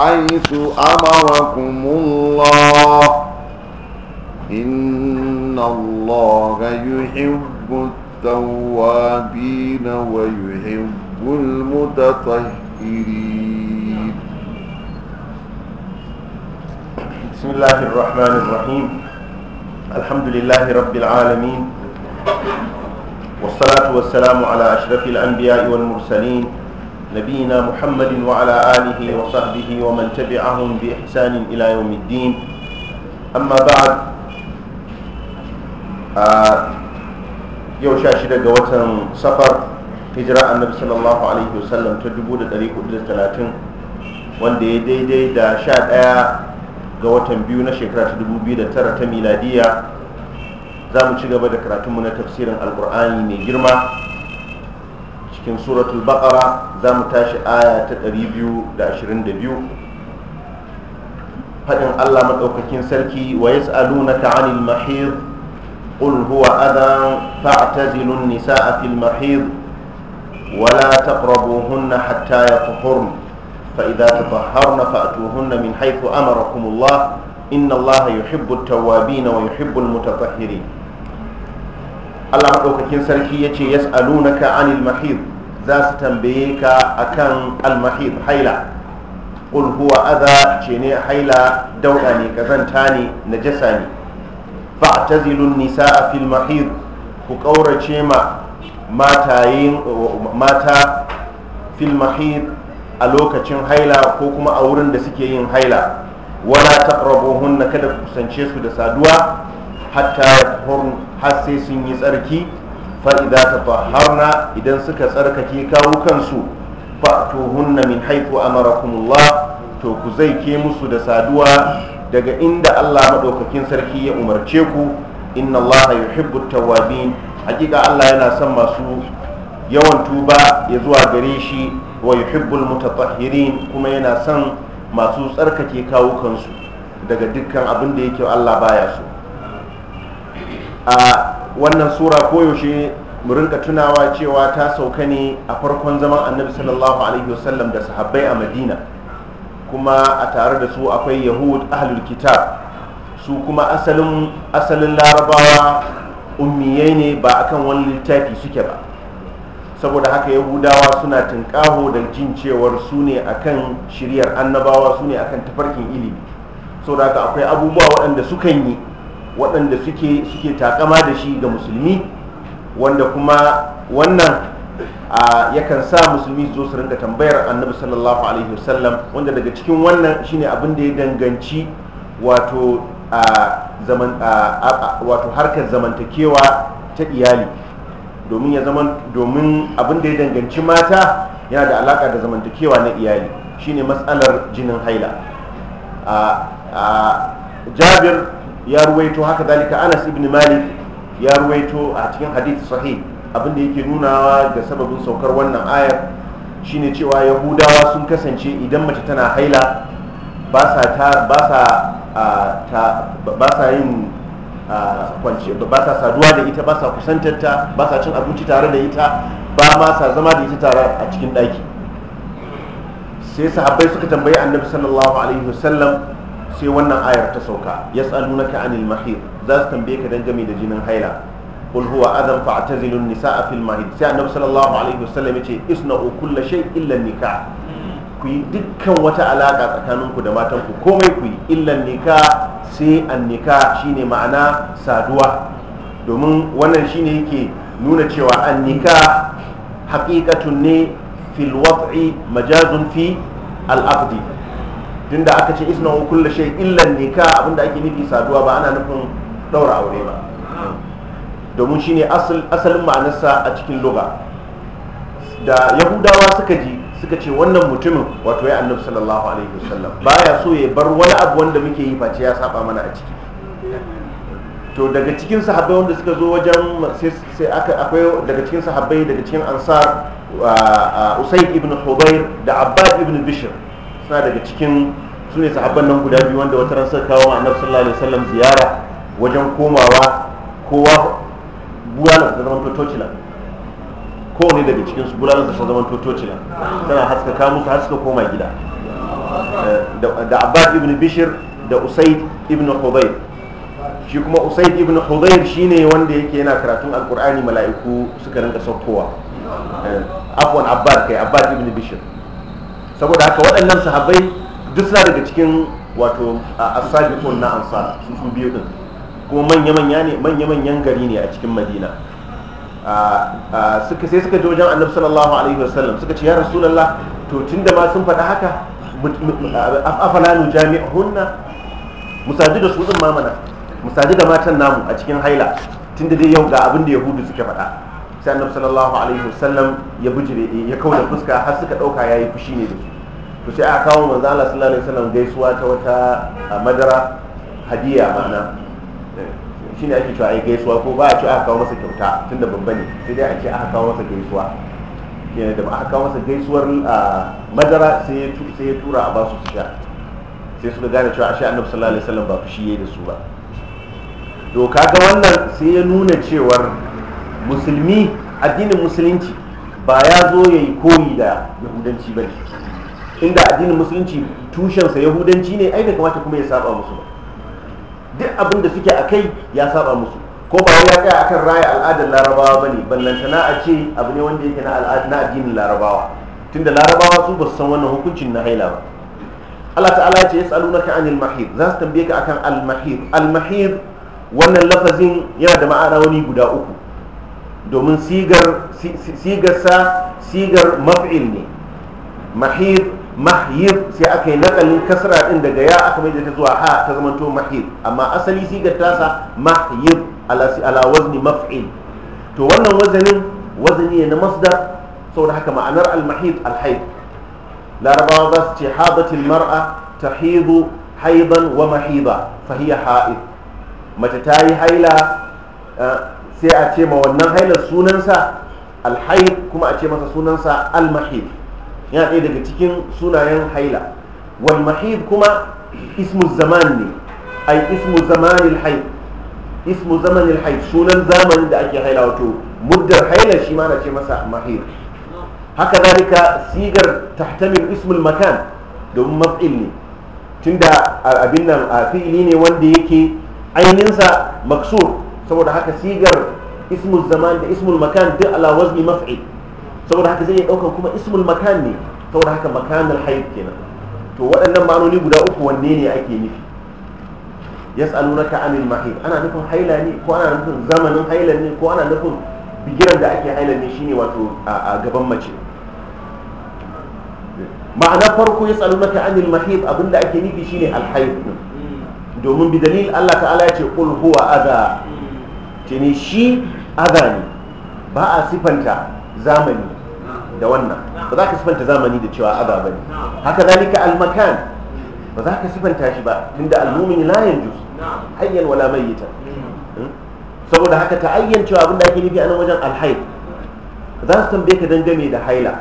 حيث أمركم الله إن الله يحب التوابين ويحب المتطهرين بسم الله الرحمن الرحيم الحمد لله رب العالمين والصلاة والسلام على أشرف الأنبياء والمرسلين نبينا محمد وعلى آله وصحبه ومن تبعهم بإحسان إلى يوم الدين أما بعد yau sha shida ga watan safar hijira annabi sallallahu alaihi wasallam ta 1430 wanda ya daidai da sha ɗaya ga watan biyu na shekara ta tara ta miladiya za mu ci gaba da karatunmu na tafsirin alkur'ani mai girma cikin suratul baqara za mu tashi aya ta ɗari biyu da 222 faɗin Allah maɗaukakin sarki wa yas'alunaka 'anil mahid qul huwa adhan fa'tazilu an-nisaa fil mahid wa la taqrabuhunna hatta yatahhurna fa idza tatahharna fa'tuhunna min haythu amarakum Allah inna Allah yuhibbu at-tawwabin wa yuhibbu al Allah maɗaukakin sarki ya ce ka an ilmahid za su tambaye ka a kan almahid haila qul huwa ce ne haila dauɗa ne kazanta ne najasa ne fa'tazilu nisa a filmahid ku ƙaurace ma matayin mata filmahid a lokacin haila ko kuma a wurin da suke yin haila wala na kada ku kusance su da saduwa hatta yatahurna har sai sun yi tsarki fa'iza ta faharna idan suka tsarkake kawo kansu fa hunna min haifu amarakumullah to ku zai ke musu da saduwa daga inda Allah maɗaukakin sarki ya umarce ku inna Allah ya yuhibbu tawabin hakika Allah yana son masu yawan tuba ya zuwa gare shi wa yuhibbul mutatahhirin kuma yana son masu tsarkake kawo kansu daga dukkan abin da yake Allah baya so a wannan sura koyaushe mu rinka tunawa cewa ta sauka ne a farkon zaman annabi sallallahu alaihi wasallam da sahabbai a madina kuma a tare da su akwai yahud ahlul kitab su kuma asalin asalin larabawa ummiyai ne ba akan wani littafi suke ba saboda haka yahudawa suna tunƙaho da jin cewar su ne akan shiryar annabawa su ne akan tafarkin ilimi saboda haka akwai abubuwa waɗanda sukan yi waɗanda suke suke takama da shi ga musulmi wanda kuma wannan yakan sa musulmi zo su rinka tambayar annabi sallallahu alaihi wasallam wanda daga cikin wannan shine abin da ya danganci wato wato harkar zamantakewa ta iyali domin ya zaman domin abin da ya danganci mata yana da alaka da zamantakewa na iyali shine matsalar jinin haila jabir ya ruwaito haka dalika anas ibn malik ya ruwaito a cikin hadith sahih abinda yake nunawa ga sababin saukar wannan ayar shine cewa yahudawa sun kasance idan mace tana haila ba sa yin ba sa saduwa da ita ba sa kusantar ta ba sa cin abinci tare da ita ba ma sa zama da ita tare a cikin daki sai sahabbai suka tambayi annabi sallallahu alaihi wasallam sai wannan ayar ta sauka yas'alunaka anil mahid za su tambaye ka dangane da jinin haila qul huwa adam fa'tazilu an-nisaa fil mahid sai annabi sallallahu alaihi wasallam ya ce isna'u kulla shay illa nika ku yi dukkan wata alaka tsakaninku da matanku komai ku yi illa nikah sai annika shine ma'ana saduwa domin wannan shine yake nuna cewa annika haƙiƙatun ne fil wad'i majazun fi al da aka ce isna kullu shay illa nika abinda ake nufi saduwa ba ana nufin daura aure ba domin shine asal asalin ma'anarsa a cikin lugha da yahudawa suka ji suka ce wannan mutumin wato ya annabi sallallahu alaihi wasallam baya so ya bar wani abu wanda muke yi face ya saba mana a ciki to daga cikin sahabbai wanda suka zo wajen sai aka akwai daga cikin sahabbai daga cikin ansar usayd ibn hubayr da abbad ibn bishr suna daga cikin su ne sahabban nan guda biyu wanda wata ransa kawo annabi sallallahu alaihi wasallam ziyara wajen komawa kowa bulala ta zama totocila ne daga cikin su bulala ta zama totocila tana ka musu haska koma gida eh, da abbas ibn bishir da usaid ibn hudayr shi kuma usaid ibn hudayr shine wanda yake yana karatun alqur'ani mala'iku suka rinka saukowa eh, afwan abbas kai abbas ibn bishir saboda haka waɗannan sahabbai duk suna daga cikin wato asabiqun na ansar su su biyu din kuma manya manya ne manya manyan gari ne a cikin madina suka sai suka je wajen annabi sallallahu alaihi wasallam suka ce ya rasulullah to tunda ma sun faɗa haka afala nu jami'hunna musadi da su din mamana musadi da matan namu a cikin haila tunda dai yau ga abin da yahudu suke faɗa sai annabi sallallahu alaihi wasallam ya bijire ya kauda fuska har suka dauka yayi fushi ne da su to sai a kawo manzo Allah sallallahu alaihi wasallam gaisuwa ta wata madara hadiya ma'ana eh, shine ake cewa ai gaisuwa ko ba a ce aka kawo masa kyauta tunda babba ne sai dai a ce aka kawo masa gaisuwa kenan da ba aka kawo masa gaisuwar madara sai ya tura a basu su sha sai suka gane cewa ashe annabi sallallahu alaihi wasallam ba fushi yayi da su ba to kaga wannan sai ya nuna cewar musulmi addinin musulunci ba ya zo yayi koyi da yahudanci ba ne inda addinin musulunci tushensa yahudanci ne ai da kamata kuma ya saba musu ba duk abin da suke a kai ya saba musu ko ba ya tsaya akan raya al'adar larabawa ba ne ballantana a ce abu ne wanda yake na addinin larabawa tunda larabawa su ba su san wannan hukuncin na haila ba Allah ta'ala ya ce ya tsalu naka anil mahir za su tambaye ka akan al mahir al mahir wannan lafazin yana da ma'ana wani guda uku domin sigar sigar sa sigar maf'il ne mahir mahyib sai aka yi nakalin kasra din daga ya aka mai da ta zuwa ha ta zamanto mahyib amma asali sigar tasa mahyib ala wazni maf'il to wannan wazanin wazani ne na masdar saboda haka ma'anar al-mahyib al haid larabawa za su ce habatil mar'a tahidu haiban wa mahiba fa hiya ha'id mace ta yi haila eh, sai a ce ma wannan hailar sunansa al-hayd kuma a ce masa sunansa al-mahyib yana ɗaya daga cikin sunayen haila wal mahid kuma ismu zaman ne ai ismu zamanil haid ismu zamanil haid sunan zamanin da ake haila wato muddar haila shi ma na ce masa mahid haka zalika sigar tahtamil ismul makan domin maf'il ne tunda abin nan a fi'ili ne wanda yake ainihinsa maksur saboda haka sigar ismu zaman da ismul makan duk ala wazni maf'il saboda haka zai iya ɗaukar kuma ismul makan ne saboda haka makanar haif kenan to waɗannan ma'anoni guda uku wanne ne ake nufi ya na ka'amin mahaif ana nufin haila ne ko ana nufin zamanin haila ne ko ana nufin bigiran da ake haila ne shine wato a gaban mace ma'ana farko ya na ka'amin mahaif abinda ake nufi shine alhaid domin bi dalil Allah ta'ala ya ce qul huwa aza ce ne shi aza ne ba a sifanta zamani da wannan ba za ka sifanta zamani da cewa aza ba ne haka zalika almakan ba za ka sifanta shi ba tunda almumin la yanjus hayyan wala mayyita hmm? saboda haka ta ayyan cewa abinda ake nufi a nan wajen alhaid za su tambaye ka dangane da haila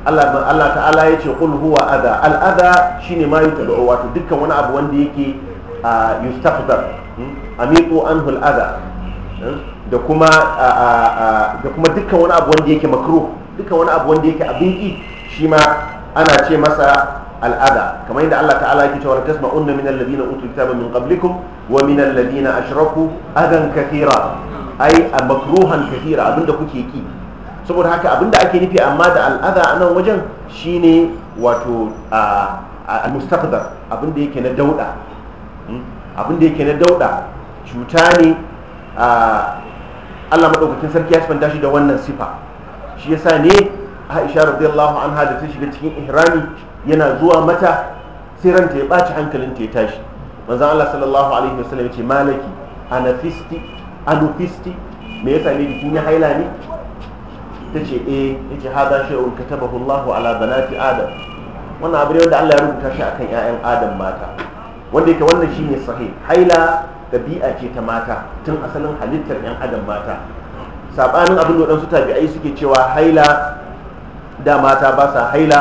Allah ta'ala ya ce qul huwa adha al adha shine ma yutad'u wato dukkan wani abu wanda yake yustafdar hmm? amiqu anhu al adha hmm? da kuma da kuma dukkan wani abu wanda yake makruh duka wani abu wanda yake abin ƙi shi ma ana ce masa al'ada kamar yadda Allah ta'ala yake cewa tasma unna min alladhina utul kitaba min qablikum wa min alladhina ashraku adan kathira ai makruhan kathira abinda kuke ki saboda haka abinda ake nufi amma da al'ada a nan wajen shine wato al-mustaqdar abinda yake na dauda hmm? abinda yake na dauda cuta ne Allah madaukakin sarki ya sifanta shi da wannan sifa shi yasa ne aisha radiyallahu anha da ta shiga cikin ihrami yana zuwa mata sai ranta ya ɓaci hankalin ta ya tashi manzon Allah sallallahu alaihi wasallam ya ce malaki anafisti anufisti me yasa ne jikin ya haila ne ta ce eh yace hada shay'un katabahu Allahu ala banati adam wannan abu ne wanda Allah ya rubuta shi akan 'ya'yan adam mata wanda yake wannan shine sahih haila ɗabi'a ce ta mata tun asalin halittar 'yan adam mata sabanin abin da waɗansu tabi'ai suke cewa haila da mata ba sa haila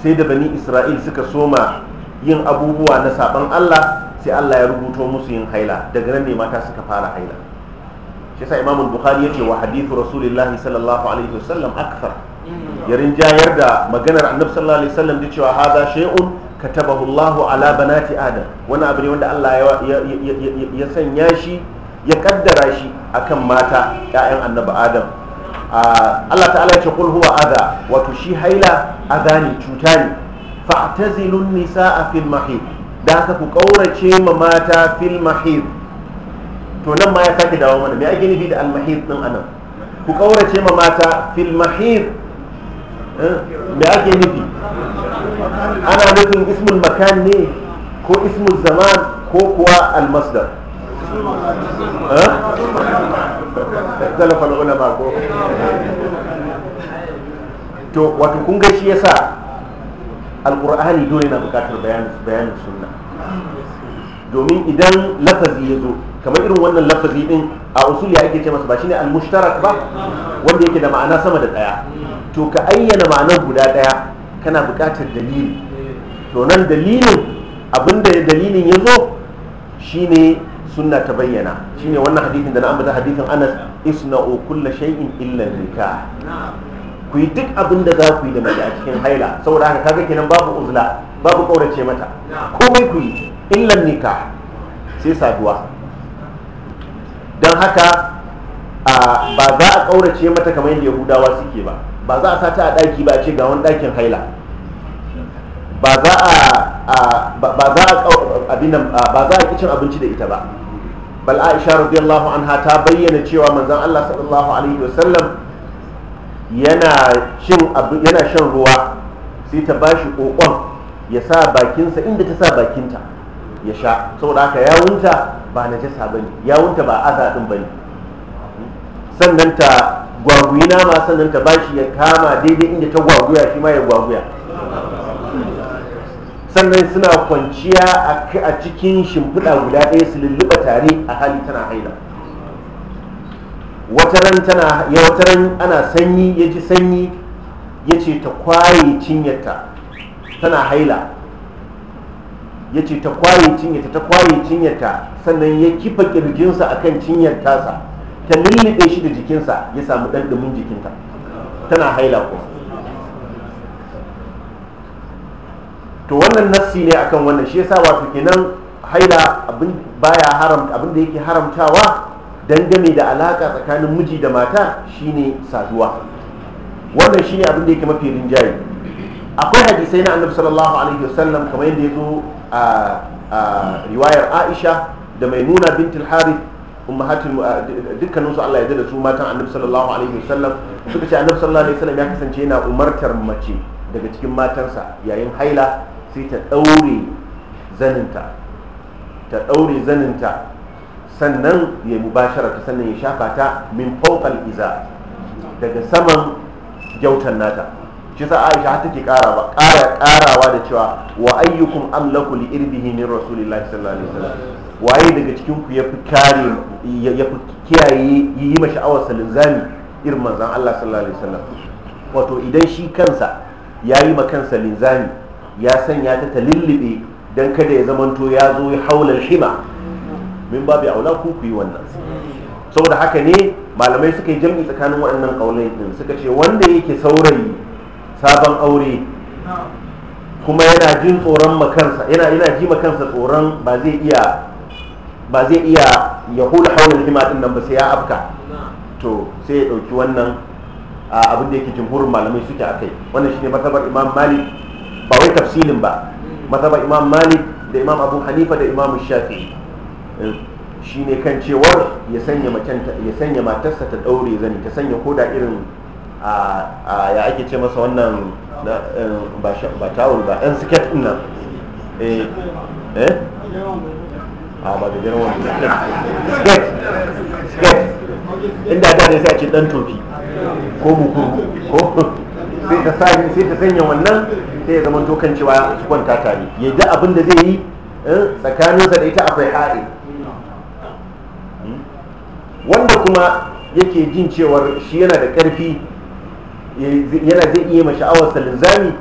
sai da bani isra'il suka soma yin abubuwa na saban allah sai allah ya rubuto musu yin haila daga nan ne mata suka fara haila shi yasa imamul bukhari yace wa hadithu rasulillahi sallallahu alaihi wasallam akthar ya rinjayar da maganar annabi sallallahu alaihi wasallam da cewa hadha shay'un katabahu allah ala banati adam wani abu ne wanda allah ya sanya shi ya kaddara shi akan mata 'ya'yan annabi adam Allah ta'ala ya ce kul huwa adha wato shi haila adha ne cuta ne fa'tazilun nisaa fil mahid da haka ku kaurace ma mata fil mahid to nan ma ya sake dawo mana me ake nufi da al mahid din anan ku kaurace ma mata fil mahid eh, me ake nufi ana nufin ismul makan ne ko ismul zaman ko kuwa al masdar zalafa ulama ko to wato kun ga shi yasa alƙur'ani dole na bukatar bayanin sunna domin idan lafazi ya zo kamar irin wannan lafazi din a usuli ake ce masa ba shi al almushtarak ba wanda yake da ma'ana sama da daya to ka ayyana ma'anar guda daya kana bukatar dalili to nan dalilin abinda dalilin ya zo shine sunna ta bayyana shine wannan hadithin da na ambata hadithin Anas isna'u kulla shay'in illa nikah ku yi duk abin da za ku yi da mace a cikin haila saboda haka kaga kenan babu uzla babu kaurace mata komai ku yi illa nika sai saduwa don haka ba za a kaurace mata kamar yadda yahudawa suke ba ba za a sata a daki ba a ce ga wani dakin haila ba za a cin abinci da ita ba bal aisha radiyallahu anha ta bayyana cewa manzan Allah sallallahu alaihi wasallam yana shan ruwa sai ta bashi kokon ya sa bakinsa inda ta sa bakinta ya sha saboda haka yawunta ba na jasa ba ne, yawunta ba aza ba ne. sannan ta gwaguyi nama, sannan ta bashi ya kama daidai inda ta gwaguya shi ma ya gwaguya sannan suna kwanciya a cikin shimfiɗa guda ɗaya su lulluɓa tare a hali tana haila wata tana ya ana sanyi ya ji sanyi ya ce ta kwaye cinyarta tana haila ya ce ta kwaye cinyarta ta kwaye cinyarta sannan ya kifa kirjinsa a kan cinyar tasa ta lulluɓe shi da jikinsa ya samu ɗanɗumin jikinta tana haila kuma to wannan nassi ne akan wannan shi yasa wato kenan haila abin baya haram abin da yake haramtawa dangane da alaka tsakanin miji da mata shine saduwa wannan shine abin da yake mafi rinjaye akwai hadisai na annabi sallallahu alaihi wasallam kamar yadda ya zo a riwayar aisha da maimuna al harith ummahatul dukkanin su Allah ya da su matan annabi sallallahu alaihi wasallam suka ce annabi sallallahu alaihi wasallam ya kasance yana umartar mace daga cikin matansa yayin haila sai ta ɗaure zaninta ta ɗaure zaninta sannan ya yi mubasharata sannan ya shafa ta min fawqal iza daga saman gyautan nata shi sa Aisha ta ke ƙara ba ƙara ƙarawa da cewa wa ayyukum amlaku li irbihi min rasulillahi sallallahu alaihi wasallam waye daga cikin ku yafi kare yafi kiyaye yi ma sha'awar salinzami irin manzon Allah sallallahu alaihi wasallam wato idan shi kansa yayi ma kansa linzami ya sanya ta ta lullube don kada ya zamanto ya zo ya haular shima min babu aula ku ku yi wannan saboda haka ne malamai suka yi jam'i tsakanin waɗannan ƙaunai ɗin suka ce wanda yake saurayi sabon aure kuma yana jin tsoron makansa yana yana ji makansa tsoron ba zai iya ba zai iya ya hula haular hima ɗin nan ba sai ya afka to sai ya ɗauki wannan abin da yake jimhurin malamai suke a kai wannan shine matabar imam malik ba wai tafsilin ba mazhaba imam malik da imam abu hanifa da imam shafi'i eh, shine kan cewar ya sanya macen ya sanya matarsa ta daure zani ta sanya koda irin a ya ake ce masa wannan eh, ba tawul ba yan siket din nan eh eh a ba da jiran wani siket siket inda da ne sai a ce ɗan tofi ko bukuru ko sai ta sanya wannan sai ya zama dokan cewa su kwanta tare ya ji abin da zai yi eh, tsakaninsa da ita akwai haɗe hmm? wanda kuma yake jin cewar shi yana da ƙarfi yana zai iya ma sha'awar linzami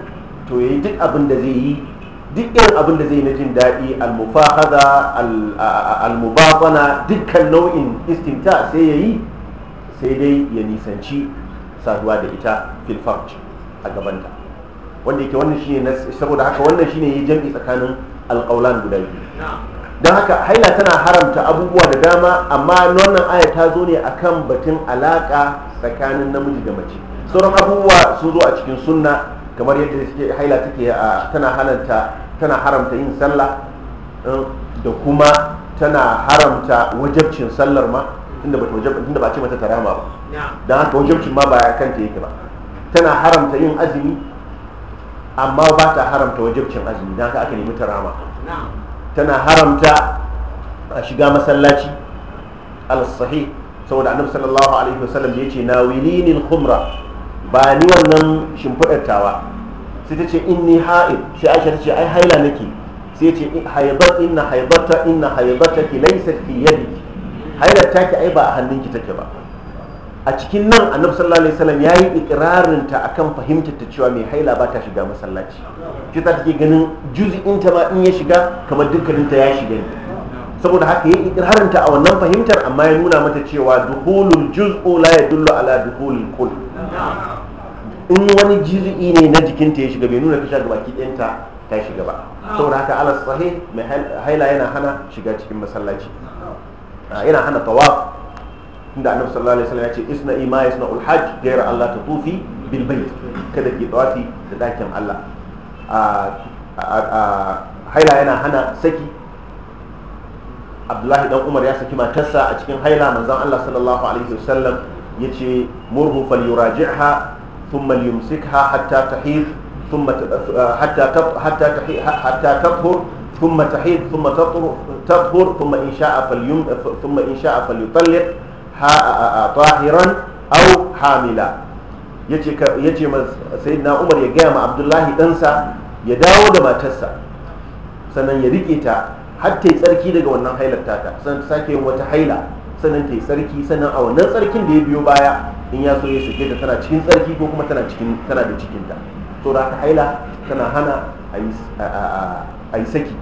to ya yi duk abin da zai yi duk irin abin da zai na jin daɗi almufahaza almubafana dukkan nau'in istinta sai ya yi sai dai ya nisanci saduwa da ita filfarci a gabanta wanda yake wannan shine saboda haka wannan shine yayi jam'i tsakanin alqaulan guda biyu dan haka haila tana haramta abubuwa da dama amma wannan aya ta zo ne akan batun alaka tsakanin namiji da mace sauran abubuwa sun zo a cikin sunna kamar yadda suke haila take tana halanta tana haramta yin sallah um, da kuma tana haramta wajabcin sallar ma tunda ba tunda ba ce mata tarama ba dan haka wajabcin ma ba ya kanta yake ba tana haramta yin azumi amma ba ta haramta wajibcin azumi don haka aka nemi ta rama tana haramta a shiga masallaci al-sahih saboda annabi sallallahu alaihi wasallam da yace nawilini al-khumra ba ni wannan shimfidattawa sai ta ce inni ha'id sai Aisha ta ce ai haila nake sai ce haidat inna haidata inna haidataki laysat fi yadiki hailar taki ai ba a hannunki take ba a cikin nan annabi sallallahu alaihi wasallam yayi ikrarin ta akan fahimtar ta cewa mai haila ba ta shiga masallaci shi ta take ganin juz'in ta ma in ya shiga kamar dukkanin ta ya shiga ne saboda haka yayi ikrarin ta a wannan fahimtar amma ya nuna mata cewa duhulul juz'u la yadullu ala duhulil kull in wani juz'i ne na jikinta ya shiga bai nuna ta shiga baki ɗayanta ta shiga ba saboda haka ala sahih mai haila yana hana shiga cikin masallaci ah, yana hana tawaf inda annabi sallallahu alaihi wasallam ya ce isna ima yasna ul hajj gaira Allah ta tufi bil bait kada ki tawafi da dakin Allah a haila yana hana saki Abdullahi dan Umar ya saki matarsa a cikin haila manzon Allah sallallahu alaihi wasallam yace murhu falyuraji'ha thumma liyumsikha hatta tahid ثم حتى حتى حتى تطهر ثم تحيض ثم تطهر ثم ان شاء شاء فليطلق tahiran au hamila yace sai na umar ya gaya ma abdullahi ɗansa ya dawo da matarsa sannan ya riƙe ta har ta yi tsarki daga wannan hailar tata sannan ta sake yin wata haila sannan ta yi tsarki sannan a wannan tsarkin da ya biyo baya in ya so ya sake ta tana cikin tsarki ko kuma tana cikin tana da cikinta to da haila tana hana a yi saki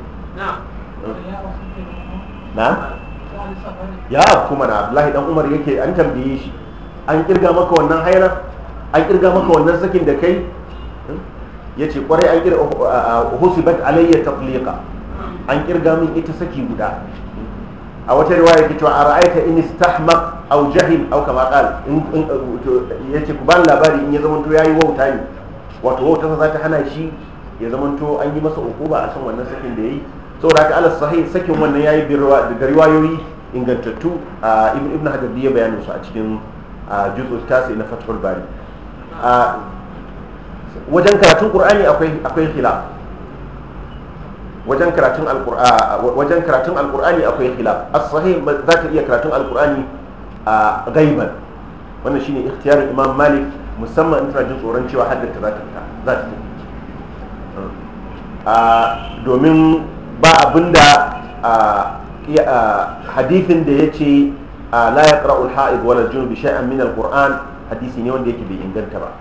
na ya kuma na abdullahi dan umar yake an tambaye shi an kirga maka wannan haira an kirga maka wannan sakin da kai hmm? ya ce kwarai an kirga uh, uh, uh, husibat alayya tafliqa an kirga min ita saki guda a wata riwaya ke cewa a ra'aita in istahmak aw jahil aw kama qal ya ce ku ba labari in ya ya yayi wauta ne wato wauta za ta hana shi ya to an yi masa ukuba a san wannan sakin da yayi saboda haka alas sahih sakin wannan yayi da riwayoyi ingantattu ibn hajar ya bayanin su a cikin ta tasi na fatihul bari wajen karatun qur'ani akwai akwai khilaf wajen karatun wajen karatun alqur'ani akwai khilaf as-sahih za ka iya karatun alqur'ani gaiban wannan shine ikhtiyar imam malik musamman in tana jin tsoron cewa haddata za ta fita za ta tafi domin ba abinda hadithin da ya ce la ya ƙara'ul ha'id wani junubi shay'an min al-qur'an hadisi ne wanda yake bai inganta ba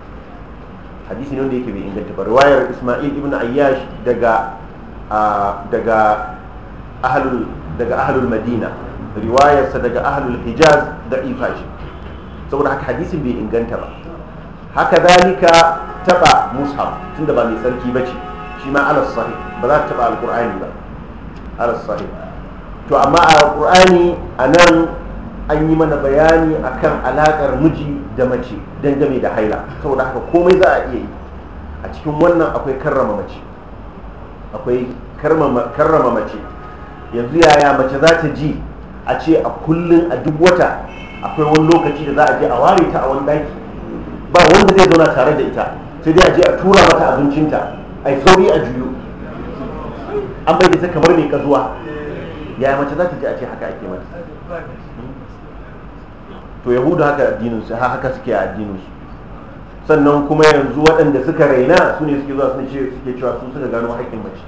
hadisi ne wanda yake bai inganta ba riwayar isma'il ibn ayyash daga daga ahlul daga ahlul madina riwayarsa daga ahlul hijaz da ifashi saboda haka hadisin bai inganta ba haka zalika taba mushaf tunda ba mai sarki bace shi ma alas sahih ba za ta taba alqur'ani ba alas sahih to amma a ƙur'ani a nan an yi mana bayani akan alaƙar miji da mace dangane da haila saboda haka komai za a iya yi a cikin wannan akwai karrama mace akwai karrama mace yanzu yaya mace za ta ji a ce a kullum a duk wata akwai wani lokaci da za a je a ware ta a wani daki ba wanda zai zauna tare da ita sai dai a je a tura mata abincinta a yi sauri a juyo an bai da kamar mai kazuwa yaya mace za ta ji a ce haka ake mata to yahudu haka addininsu haka suke a addininsu sannan kuma yanzu waɗanda suka raina su ne suke zuwa suke cewa su suka gano haƙƙin mace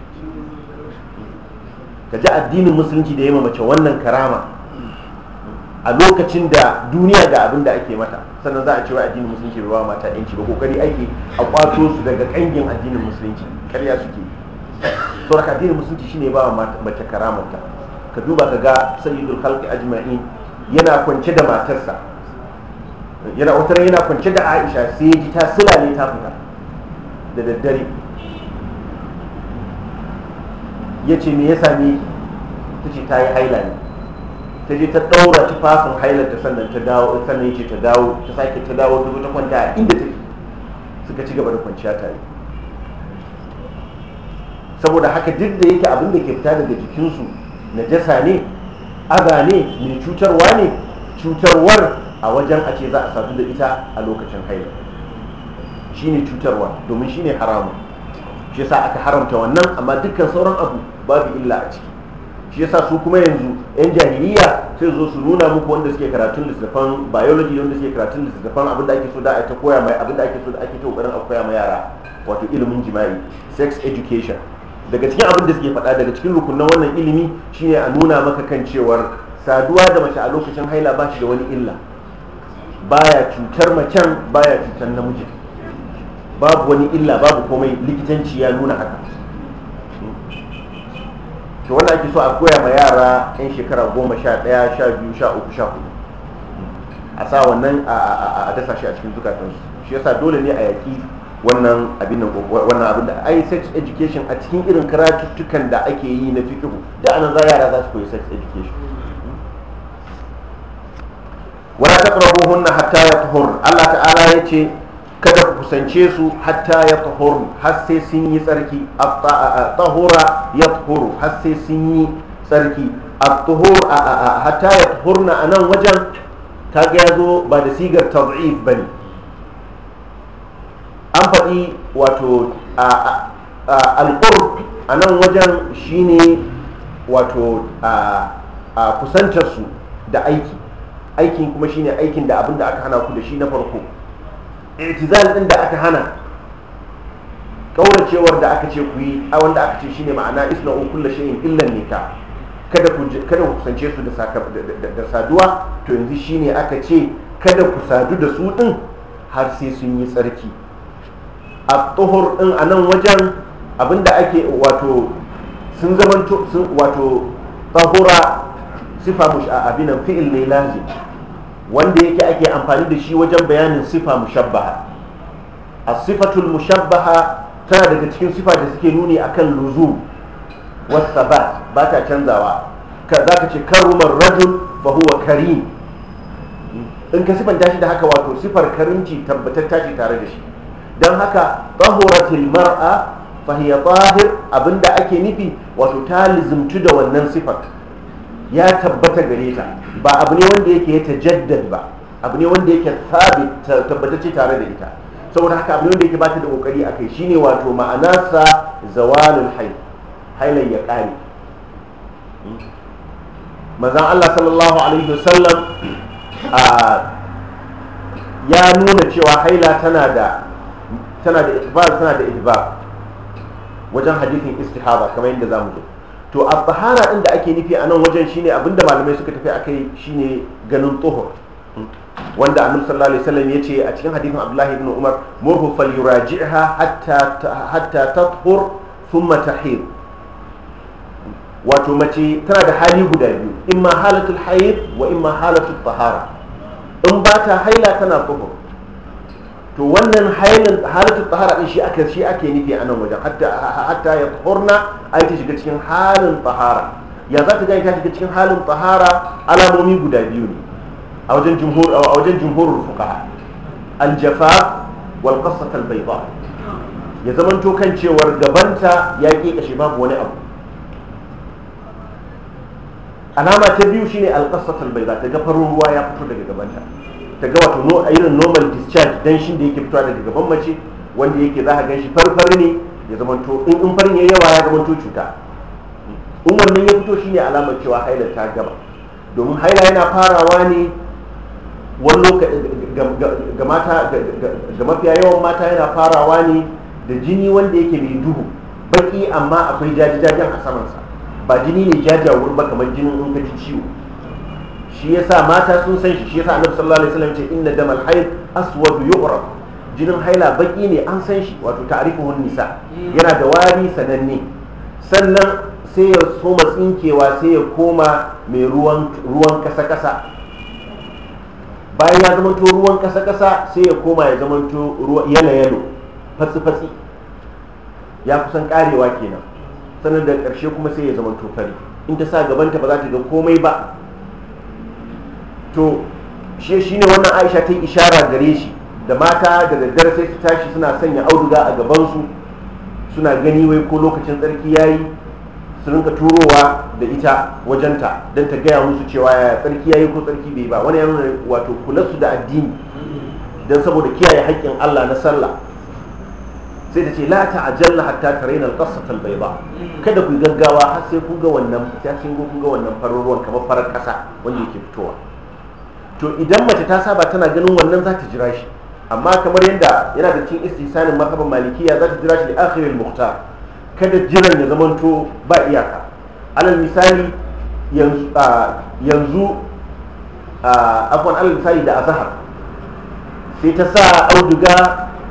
ka ji addinin musulunci da ya ma mace wannan karama a lokacin da duniya da abin da ake mata sannan za a cewa addinin musulunci bai ba mata yanci ba kokari ake a kwato su daga kangin addinin musulunci karya suke saboda addinin musulunci shine ba mace karamanta ka duba ka ga sayyidul khalqi ajma'in yana kwance da matarsa yana wutar yana kwance da Aisha sai ji ta sulale ta fita da daddare ya ce me ya same ta ce ta yi haila ne ta je ta ɗaura fasin hailar ta sannan ta dawo sannan ce ta dawo ta sake ta dawo ta zo ta kwanta a inda take suka ci gaba da kwanciya tare saboda haka duk da yake abin da ke fita daga jikinsu najasa ne Aga ne mai cutarwa ne cutarwar a wajen a ce za a sadu da ita a lokacin haila shine cutarwa domin shine haramun shi yasa aka haramta wannan amma dukkan sauran abu babu illa a ciki shi yasa su kuma yanzu yan jahiliya sai zo su nuna muku wanda suke karatun littattafan biology wanda suke karatun littattafan abin da ake so da ake ta koya mai abin da ake so da ake ta kokarin a koya ma yara wato ilimin jima'i sex education daga cikin abin da suke faɗa daga cikin rukunan wannan ilimi shine a nuna maka kan cewar saduwa da mace a lokacin haila ba shi da wani illa baya cutar macen baya cutar namiji babu wani illa babu komai likitanci ya nuna haka to wannan ake so a koya ma yara yan shekara goma sha ɗaya sha biyu sha uku sha hudu a sa wannan a dasa shi a cikin zukatansu shi yasa dole ne a yaƙi wannan abin da ai sex education a cikin irin karatuttukan da ake yi na fiqh da anan za yara za su koyi sex education wala na hatta yatahur Allah ta'ala yace kada ku kusance su hatta yatahur har sai sun yi tsarki at-tahura yatahuru har sai sun yi tsarki at-tuhur hatta yatahurna anan wajen kaga yazo ba da sigar tad'if bane an faɗi wato alƙur a nan wajen shine wato kusantarsu da aiki aikin kuma shine aikin da abin aka hana ku da shi na farko itizal ɗin da aka hana ƙauracewar da aka ce ku yi a wanda aka ce shine ma'ana isna kulla shayin illan nika kada kada ku kusance su da saduwa to yanzu shine aka ce kada ku sadu da su ɗin har sai sun yi tsarki a tsohor ɗin a nan wajen abinda ake wato sun zama wato tahura sifa abinan fi'il ne lazim wanda yake ake amfani da shi wajen bayanin sifa mushabbaha a sifatul mushabbaha tana daga cikin sifa da suke nuni akan luzu wasa ba ta canzawa za ka ce karumar rajul ba huwa karim in ka sifanta shi da haka wato sifar karimci tabbatar tashi tare da shi don haka tahuratil mar'a fahiya tahir abinda ake nufi wato ta lizumtu da wannan sifar ya tabbata gare ta ba abu ne wanda yake ya tajaddad ba abu ne wanda yake sabit ce tare da ita saboda haka abu ne wanda yake ba ta da kokari a kai shine wato ma'anarsa zawalul hayl hailan ya kare manzon Allah sallallahu alaihi wasallam ya nuna cewa haila tana da tana da ikbal tana da ihba wajen hadithin istihaba kamar yadda zamu ji to a tahara din da ake nufi a nan wajen shine abinda malamai suka tafi akai shine ganin tuhur wanda annabi sallallahu alaihi wasallam yace a cikin hadithin abdullahi ibn umar murhu yuraji'ha hatta hatta tathur thumma tahir wato mace tana da hali guda biyu imma halatul hayd wa imma halatul tahara in ba ta haila tana tuhur to wannan halittar tsahara ɗin shi aka shi ake nufi a nan wajen hatta ya tsorna a ta shiga cikin halin tsahara. ya za ta gani ta shiga cikin halin tsahara? alamomi guda biyu ne a wajen jumhur a aljafa wal ya zamanto kan cewar gabanta ya ke kashe babu wani abu alama ta biyu shine al qasat al ta ga farin ruwa ya fito daga gabanta ta ga wato irin normal discharge danshin da yake fitowa daga gaban mace wanda yake za a gan shi farfar ne ya zamanto in in farin ya yawa ya to cuta in wannan ya fito shine alamar cewa haila ta gaba domin haila yana farawa ne wani ga mata ga mafiya yawan mata yana farawa ne da jini wanda yake mai duhu baki amma akwai jaji-jajen a samansa ba jini ne jajawar ba kamar jinin in ka ji ciwo shi sa mata sun san shi shi sa annabi sallallahu alaihi wasallam ce inna damal hayd aswad yu'raf jinin haila baki ne an san shi wato ta'rifuhun nisa yana da wari sananne sannan sai ya soma tsinkewa sai ya koma mai ruwan ruwan kasa kasa bayan ya zama to ruwan kasa kasa sai ya koma ya to ruwa yalo yalo fatsi fatsi ya kusan karewa kenan sannan da ƙarshe kuma sai ya to fari in ta sa gabanta ba za ta ga komai ba to shi ne wannan aisha ta yi ishara gare shi da mata da daddare sai su tashi suna sanya auduga a gabansu suna gani wai ko lokacin tsarki ya yi su rinka turowa da ita wajenta don ta gaya musu cewa ya tsarki ya yi ko tsarki bai ba wani yana wato kulasu da addini don saboda kiyaye haƙƙin allah na sallah sai ta ce la jalla hatta ta raina qassata bai ba kada ku gaggawa har sai ku ga wannan sai ga wannan farar ruwan kamar farar ƙasa wanda yake fitowa to idan mace ta saba tana ganin wannan za ta jira shi amma kamar yadda yana da cikin istisanin mazhaban malikiya za ta jira shi da akhirin mukta kada jiran ya zamanto ba iyaka alal misali yanzu yanzu afwan alal misali da azhar sai ta sa auduga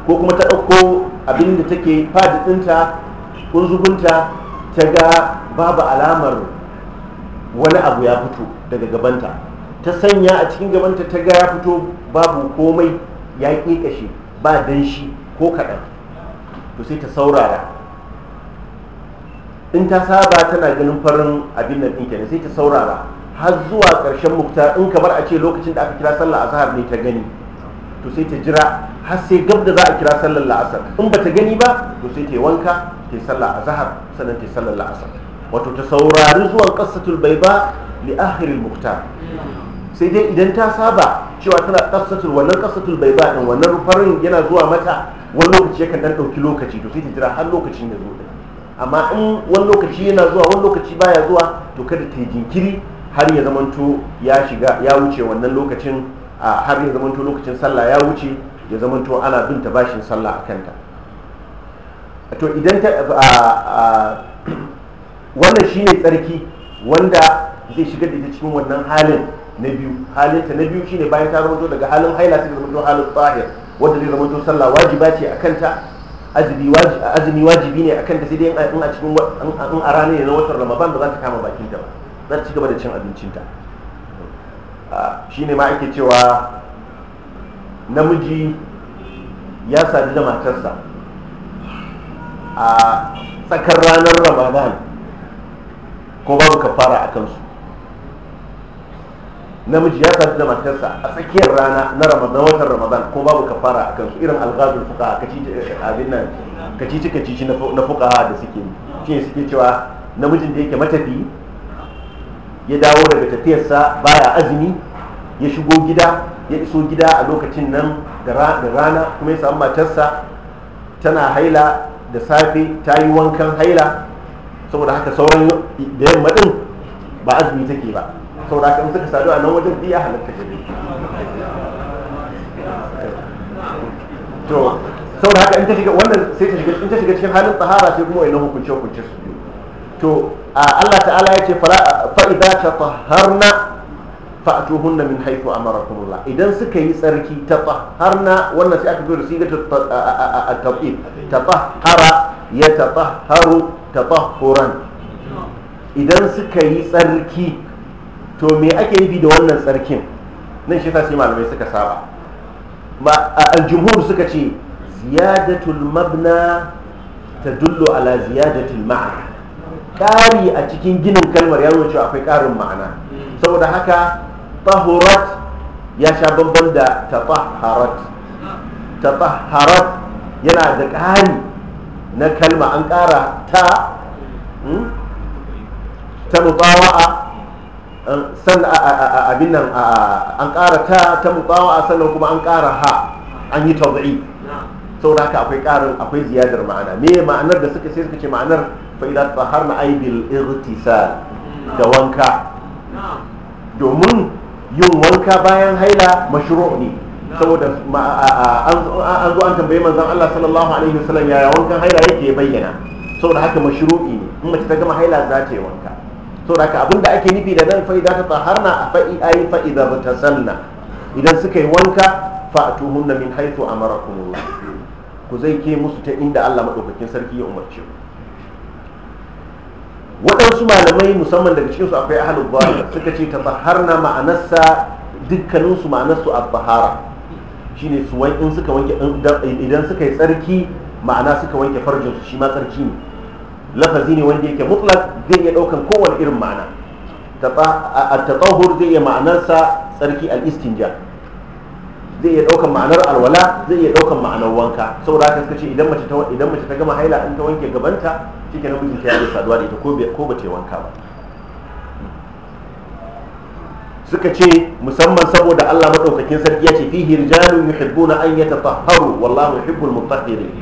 ko kuma ta ɗauko abin da take fadi ɗinta zubunta ta ga babu alamar wani abu ya fito daga gabanta ta sanya a cikin gabanta ta ga ya fito babu komai ya kashe ba danshi ko kaɗan to sai ta saurara in ta saba tana ganin farin abin nan ne sai ta saurara har zuwa ƙarshen mukta in kamar a ce lokacin da aka kira sallah azhar ne ta gani to sai ta jira har sai gab da za a kira sallar la'asar in ba ta gani ba to sai ta yi wanka ta yi sallar azhar sannan ta yi sallar la'asar wato ta saurari zuwan qassatul bayda li akhiril muktar sai dai idan ta saba cewa tana kasatul wannan kasatul bai ba din wannan farin yana zuwa mata wani lokaci yakan dan ɗauki lokaci to sai ta jira har lokacin ya zo amma in wani lokaci yana zuwa wani lokaci baya zuwa to kada ta jinkiri har ya zamanto ya shiga ya wuce wannan lokacin har ya zamanto lokacin sallah ya wuce ya zamanto ana bin ta bashin sallah a kanta to idan ta wannan shine tsarki wanda zai shiga da ita cikin wannan halin na biyu halinta na biyu shine bayan ta zamanto daga halin haila sai ta zamanto halin tsahir wanda zai zamanto sallah wajiba ce a kanta azumi wajibi ne a kanta sai dai in a cikin in a ranar na watan ramadan ba za ta kama bakin ta ba za ta ci da cin abincin abincinta shine ma ake cewa namiji ya sadu da matarsa a tsakar ranar ramadan ko babu kafara a kansu namiji ya sadu da matarsa a tsakiyar rana na ramadan watan ramadan ko babu kafara a kansu irin alghazul fuqaha kacici abin nan kacici kacici na fuka da suke shi suke cewa namijin da yake matafi ya dawo daga tafiyarsa baya azumi ya shigo gida ya iso gida a lokacin nan da rana kuma ya samu matarsa tana haila da safe ta yi wankan haila saboda haka sauran da yamma din ba azumi take ba saboda kan suka sadu a nan wajen biya halitta gare to saboda haka in ta shiga wannan sai ta shiga in ta shiga cikin halin tsahara sai kuma wani hukunce hukunce su biyu to Allah ta'ala ya ce fa idza tatahharna fa'tuhunna min haythu amarakumullah idan suka yi tsarki tatahharna wannan sai aka zo da sigar at-tabid tatahhara ya tatahharu tatahhuran idan suka yi tsarki to me ake yi da wannan tsarkin nan shi sai malamai suka saba A aljumhur suka ce ziyadatul mabna tadullu ala ziyadatul ma'ana ƙari a cikin ginin kalmar ya wuce akwai ƙarin ma'ana saboda haka tahurat ya sha bambam da tatahharat tatahharat yana da ƙari na kalma an ƙara ta hmm, ta mutawa'a abin nan an ƙara ta ta a sannan kuma an ƙara ha an yi tawzi saboda haka akwai ƙarin akwai ziyadar ma'ana me ma'anar da suka sai suka ce ma'anar fa idza tahar na aibil irtisal da wanka domin yin wanka bayan haila mashru' ne saboda an zo an tambayi manzon Allah sallallahu alaihi wasallam yaya wankan haila yake bayyana saboda haka mashru'i ne in mace ta gama haila za ta yi wanka saboda abin abinda ake nufi da nan fa'iza ta taharna fa'i ayi fa'iza mutasanna idan suka yi wanka fa'atuhunna min haythu amarakumullah ku zai ke musu ta inda Allah madaukakin sarki ya umarce ku waɗansu malamai musamman daga cikinsu akwai ahalul bahar suka ce ta taharna ma'anarsa dukkaninsu ma'anarsu a bahara shine su in suka wanke idan suka yi tsarki ma'ana suka wanke farjinsu shi ma tsarki ne lafazi ne wanda yake mutlak zai iya daukan kowane irin ma'ana at-tatahhur zai iya ma'anarsa tsarki al-istinja zai iya ɗaukan ma'anar alwala zai iya ɗaukan ma'anar wanka saboda haka suka idan mace ta idan mace ta gama haila in ta wanke gabanta shikenan mijinta ta yi saduwa da ita ko ko ba ta wanka ba suka ce musamman saboda Allah madaukakin sarki ya ce fihi rijalun yuhibbuna an yatatahharu wallahu yuhibbul mutahhirin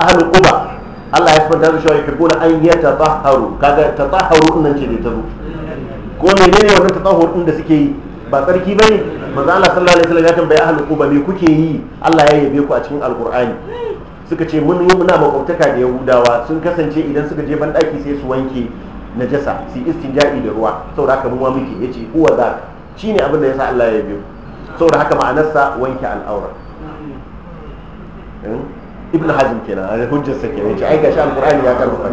ahlul quba Allah ya da su ka kula an yatatahharu kaga in nan ce da ta zo ko menene wannan tatahhur din da suke yi ba tsarki ba ba manzo Allah sallallahu alaihi wasallam ya tambaye ahli quba me kuke yi Allah ya yabe ku a cikin alqur'ani suka ce mun muna makwabtaka da yahudawa sun kasance idan suka je banɗaki sai su wanke najasa su istinja'i da ruwa saboda haka mu muke yace huwa shi shine abin da yasa Allah ya biyo saboda haka ma'anarsa wanke al'aura hmm? ibn hazm kenan a hujjar sa kenan ce ai gashi alqur'ani ya karfafa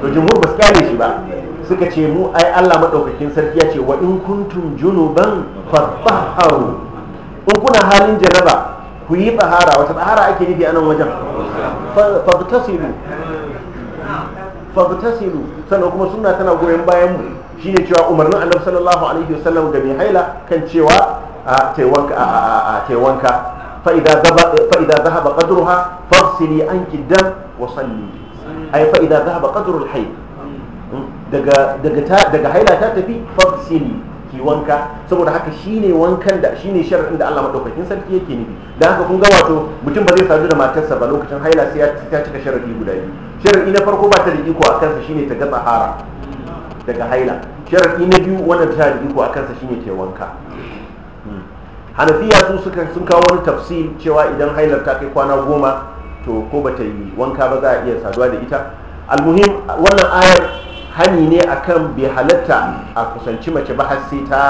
to jumhur ba kare shi ba suka ce mu ai Allah madaukakin sarki ya ce wa in kuntum junuban fatahharu in kuna halin jaraba ku yi tsahara wata tsahara ake nufi a nan wajen fagtasilu sannan kuma suna tana goyon bayan mu shine cewa umarnin annabi sallallahu alaihi wasallam da mai haila kan cewa a taiwanka فإذا ذهب فإذا ذهب قدرها فاغسلي عنك الدم وصلي أي فإذا ذهب قدر الحيض daga haila ta tafi fagsili ki wanka saboda haka shine wankan da shine sharadin da Allah madaukakin sarki yake nufi dan haka kun ga wato mutum ba zai sadu da matarsa ba lokacin haila sai ta cika sharadi guda biyu sharadi na farko ba ta da iko a kansa shine ta ga hara daga haila sharadi na biyu wannan ta da iko a kansa shine ta wanka hanafiya su suka sun kawo wani tafsir cewa idan hailar ta kai kwana goma to ko ba ta yi wanka ba za a iya saduwa da ita almuhim wannan ayar hani ne akan bai halatta a kusanci mace ba har sai ta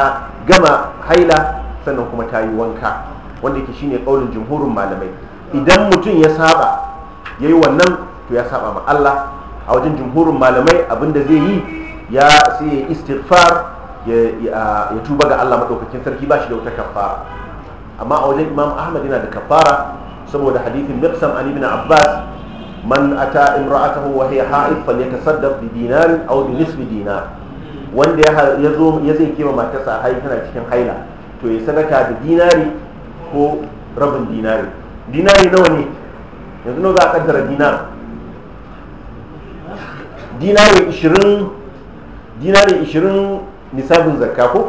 gama haila sannan kuma ta yi wanka wanda yake shine kaulin jumhurin malamai idan mutum ya saba ya yi wannan to ya saba ma Allah a wajen jumhurin malamai abinda zai yi ya sai istighfar ya tuba ga Allah maɗaukakin sarki ba shi da wata kafara amma a wajen Imam Ahmad yana da kafara saboda hadithin Miqsam an ibn Abbas man ata imra'atahu wa hiya ha'id yatasaddaq bi dinarin aw bi nisfi dinar wanda ya zo ya zai kewa matarsa hayi tana cikin haila to ya sadaka da dinari ko rabin dinari dinari nawa ne yanzu nawa za a kaddara dinar dinari 20 dinari 20 nisabin zakka ko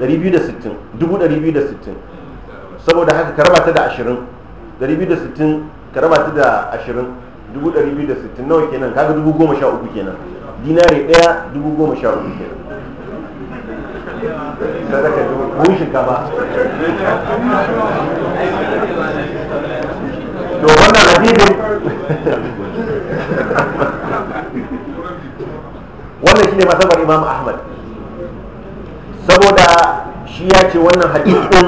260 260 saboda haka ka ta da 20 260 ka ta da 20 260 nawa kenan kaga 1013 kenan dinari daya kenan sadaka shinkafa to wannan hadisin wannan shine masabar imam ahmad saboda shi ya ce wannan hadithun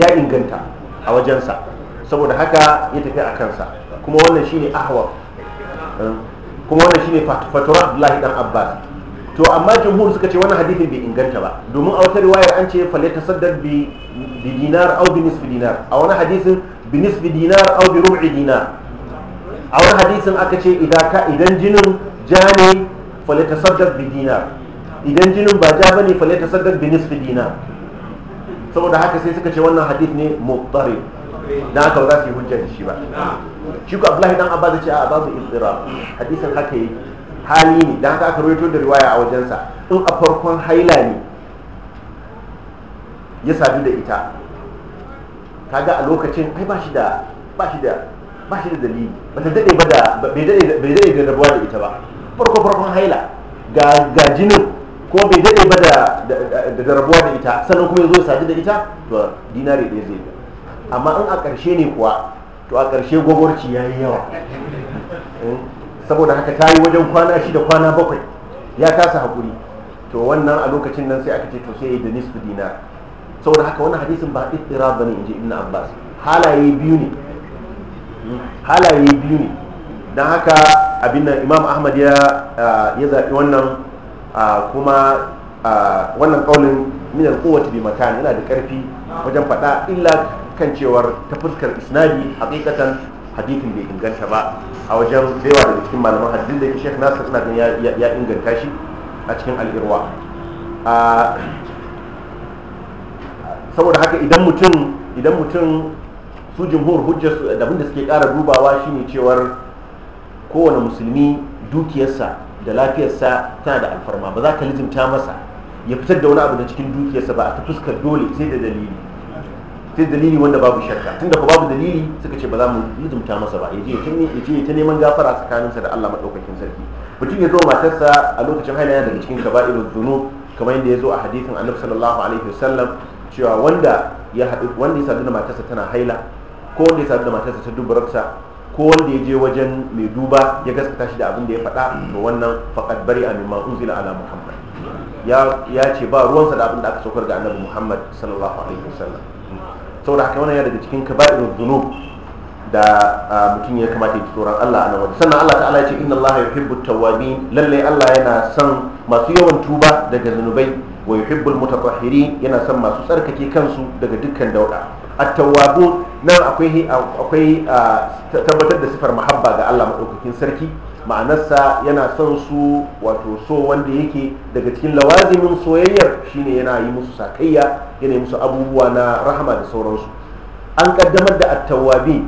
ya inganta a wajensa saboda haka ya tafi a kansa kuma wannan shi ne ahwar kuma wannan shi ne fatura abdullahi dan abbas to amma jumhur suka ce wannan hadithin bai inganta ba domin a wata riwayar an ce ta saddar bi dinar au bi nisfi dinar a wani hadisin bi nisfi dinar au bi rub'i dinar a wani hadisin aka ce idan jinin jani ta saddar bi dinar idan jinin ba ja bane fale ta saddar binis fi dina saboda haka sai suka ce wannan hadith ne muqtari da aka ba za su yi hujja da shi ba shi ko abdullahi dan abba zai ce a babu izdira hadisin haka yi hali ne da haka aka rawaito da riwaya a wajensa in a farkon haila ne ya sadu da ita kaga a lokacin ai ba shi da ba shi da ba shi da dalili ba ta dade ba da bai dade da rabuwa da ita ba farko farkon haila ga ga jinin ko bai daɗe ba da rabuwa da ita sannan kuma ya zo sadu da ita to dinari ɗaya zai yi amma in a ƙarshe ne kuwa to a ƙarshe gwagwarci ya yi yawa eh, saboda haka ta yi wajen kwana shi da kwana bakwai ya kasa haƙuri to wannan a lokacin nan sai aka ce to sai ya yi da nisfi dinar saboda haka wani hadisin ba iftira ba ne in ji ibn abbas halaye biyu ne hmm, halaye biyu ne don haka abin nan imam ahmad ya eh, zaɓi wannan kuma wannan ƙaunin minar kowace bi makan yana da ƙarfi wajen faɗa illa kan cewar ta fuskar isnadi hakikatan hadithin bai inganta ba a wajen da cikin malaman hadithin da shek nasir suna ganin ya inganta shi a cikin al'irwa saboda haka idan mutum idan mutum su jimhur hujjar da suke kara dubawa shine cewar kowane musulmi dukiyarsa da lafiyarsa tana da alfarma ba za ka lizimta masa ya fitar da wani abu da cikin dukiyarsa ba a ta fuskar dole sai da dalili sai dalili wanda babu shakka da ko babu dalili suka ce ba za mu lizimta masa ba yaje ya ta neman gafara tsakaninsa da Allah maɗaukakin sarki mutum ya zo matarsa a lokacin haila yana daga cikin kaba'ir dhunub kamar yadda ya zo a hadithin annabi sallallahu alaihi wasallam cewa wanda ya haɗu wanda ya sadu da matarsa tana haila ko wanda ya sadu da matarsa ta dubararsa ko wanda ya je wajen mai duba ya gaskata shi da abin da ya faɗa to wannan faqad bari a mimma unzila ala muhammad ya ce ba ruwansa da abin da aka saukar ga annabi muhammad sallallahu alaihi wasallam saboda haka wannan ya daga cikin kaba'irul dhunub da mutum ya kamata ya ji tsoron Allah a nan sannan Allah ta'ala ya ce inna Allah yuhibbu tawwabin lallai Allah yana son masu yawan tuba daga zunubai wa yuhibbul mutatahhirin yana son masu tsarkake kansu daga dukkan dauda at nan akwai akwai tabbatar da sifar mahabba ga Allah madaukakin sarki ma'anarsa yana son su wato so wanda yake daga cikin lawazimin soyayyar shine yana yi musu sakayya yana yi musu abubuwa na rahama da sauransu an kaddamar da attawabi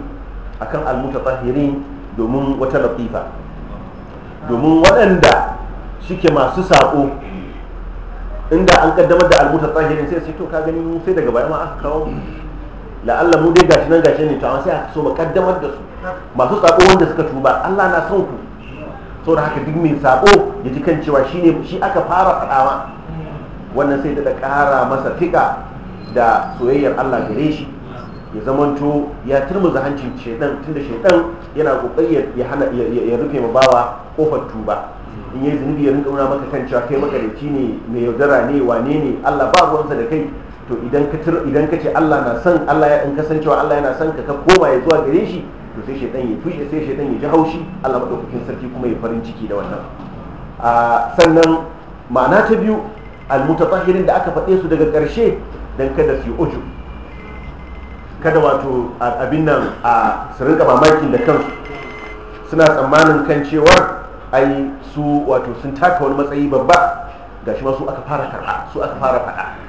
akan almutatahirin domin wata latifa domin waɗanda suke masu sako inda an kaddamar da almutatahirin sai sai to ka gani sai daga baya ma aka kawo Da allah mu dai gashi nan gashi ne to amma sai a so makaddamar da su masu sako wanda suka tuba Allah na son ku So da haka duk mai sako ya ji kan cewa shi ne shi aka fara fadawa wannan sai da kara masa fika da soyayyar Allah gare shi ya zamanto ya turmuza hancin shedan tunda shedan yana kokari ya hana ya rufe ma bawa kofar tuba in yi zunubi ya rinka muna maka kan cewa kai makareci ne mai yaudara ne wane ne Allah ba ruwansa da kai to idan ka ce Allah na son Allah ya in kasancewa Allah yana san ka ka koma ya zuwa gare shi to sai shaitan ya tushe sai shaitan ya ji haushi Allah madaukakin sarki kuma ya farin ciki da wannan a sannan ma'ana ta biyu almutatahirin da aka faɗe su daga ƙarshe dan kada su yi uju kada wato abin nan a su rinka mamakin da kansu suna tsammanin kan cewa ai su wato sun taka wani matsayi babba gashi ma su aka fara karɓa su aka fara faɗa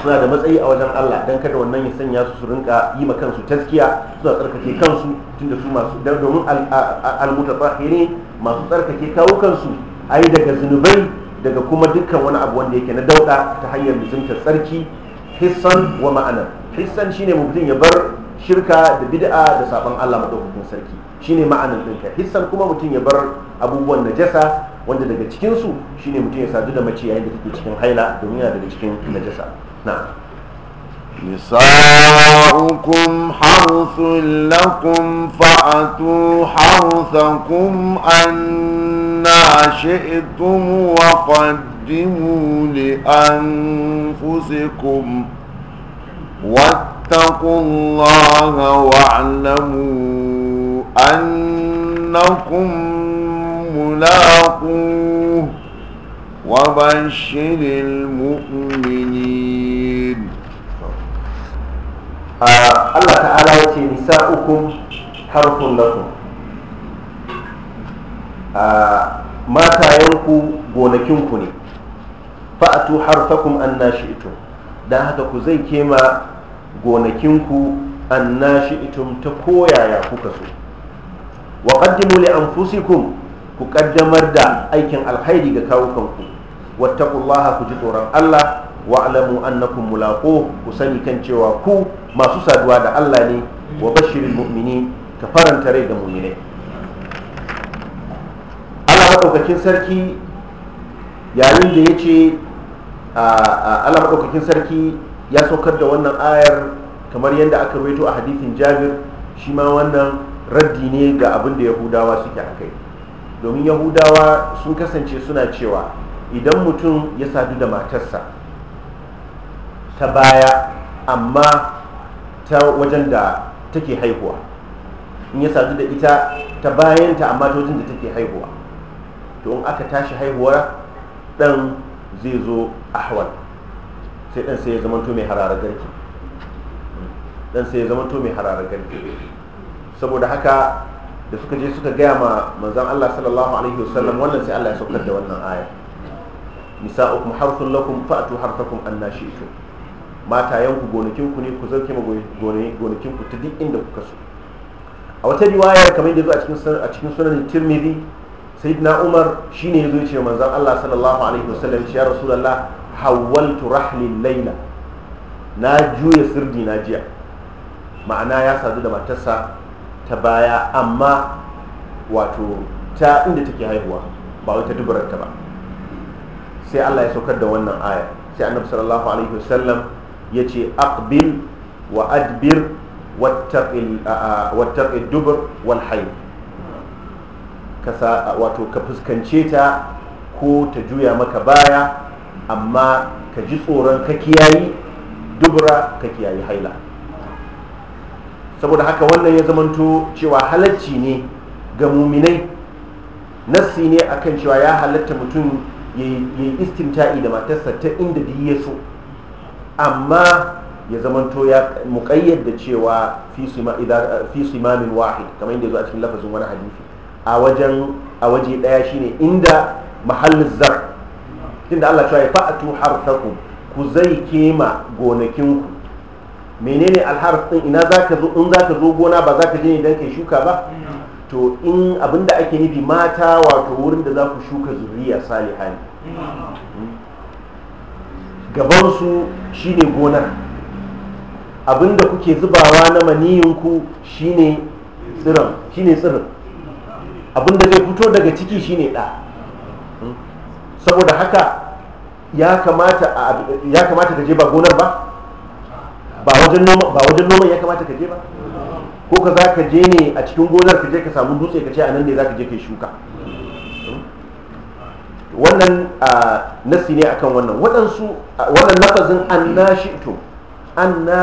suna da matsayi a wajen Allah don kada wannan ya sanya su su rinka yi ma kansu taskiya suna tsarkake kansu tun da su masu domin almutatahiri masu tsarkake kawo kansu yi daga zunubai daga kuma dukkan wani abu wanda yake na dauda ta hanyar mutunta tsarki hissan wa ma'anar hissan shine mutum ya bar shirka da bid'a da sabon Allah madaukakin sarki shine ma'anar dinka hissan kuma mutum ya bar abubuwan najasa wanda daga cikinsu shine mutum ya sadu da mace yayin da take cikin haila domin yana daga cikin najasa نعم نساؤكم حرث لكم فأتوا حرثكم أنا شئتم وقدموا لأنفسكم واتقوا الله واعلموا أنكم ملاقوه وبشر المؤمنين Allah ta'ala ya ce uku harfun lakum matayenku gonakinku ne fa'atu harfakum an itun don haka ku zai kema gonakinku an itun ta koyaya kuka so wa qaddimu li ku kaddamar da aikin alkhairi ga kawukanku wata ku ji tsoron Allah wa'lamu annakum mulaqu ku sani kan cewa ku masu saduwa da Allah ne wa bashirin mu'mini ka faranta rai da mu'minai Allah madaukakin sarki yayin da yace Allah madaukakin sarki ya saukar da wannan ayar kamar yadda aka rawaito a hadithin Jabir shi ma wannan raddi ne ga abin da Yahudawa suke akai domin Yahudawa sun kasance suna cewa idan mutum ya sadu da matarsa ta baya amma ta wajen da take haihuwa in ya sadu da ita ta bayanta amma ta wajen da take haihuwa to in aka tashi haihuwa dan zai zo ahwal sai dan sai ya zama to mai harara garki dan sai ya zama to mai harara garki saboda haka da suka je suka gaya ma manzon Allah sallallahu alaihi wasallam wannan sai Allah ya saukar da wannan aya nisa'ukum harthun lakum fa'tu harthakum annashi'tum matayenku gonakinku ne ku zarke ma gonakinku ta duk inda kuka so a wata riwayar kamar yadda zo a cikin sunan tirmidhi na umar shine yazo ya ce manzan Allah sallallahu alaihi wasallam ya rasu rasulullah hawaltu rahlin laila na juya sirdi na jiya ma'ana ya sadu da matarsa ta baya amma wato ta inda take haihuwa ba wata dubararta ba sai Allah ya saukar da wannan aya sai annabi sallallahu alaihi wasallam ya ce aqbil wa adbir wattaƙi dubur walhain wato ka fuskance ta ko ta juya maka baya amma ka ji tsoron ka kiyayi dubura ka kiyayi haila saboda haka wannan ya zamanto cewa halarci ne ga muminai nassi ne a kan cewa ya halatta mutum ya yi istinta'i da matarsa ta inda da ya so amma ya zamanto ya muƙayyad da cewa fi simamin wahid kamar yadda zo a cikin lafazin wani hadisi a wajen a waje ɗaya shine inda mahallin zar tunda Allah cewa ya fa'atu harsakum ku zai kema gonakinku menene alharf din ina zaka zo in zaka zo gona ba zaka je ne dan kai shuka ba to in abinda ake nufi mata wato wurin da za ku shuka zuriya salihani gabansu shine gona abinda kuke zubawa na maniyinku shine tsirin tsirin abinda zai fito daga ciki shine ɗa saboda haka ya kamata ka je ba gonar ba ba wajen noman ya kamata ka je ba ko ka za ka je ne a cikin gonar ka je ka samu dutse ka ce a nan ne za ka je ka shuka wannan nasi ne akan wannan waɗansu wannan lafazin anna an na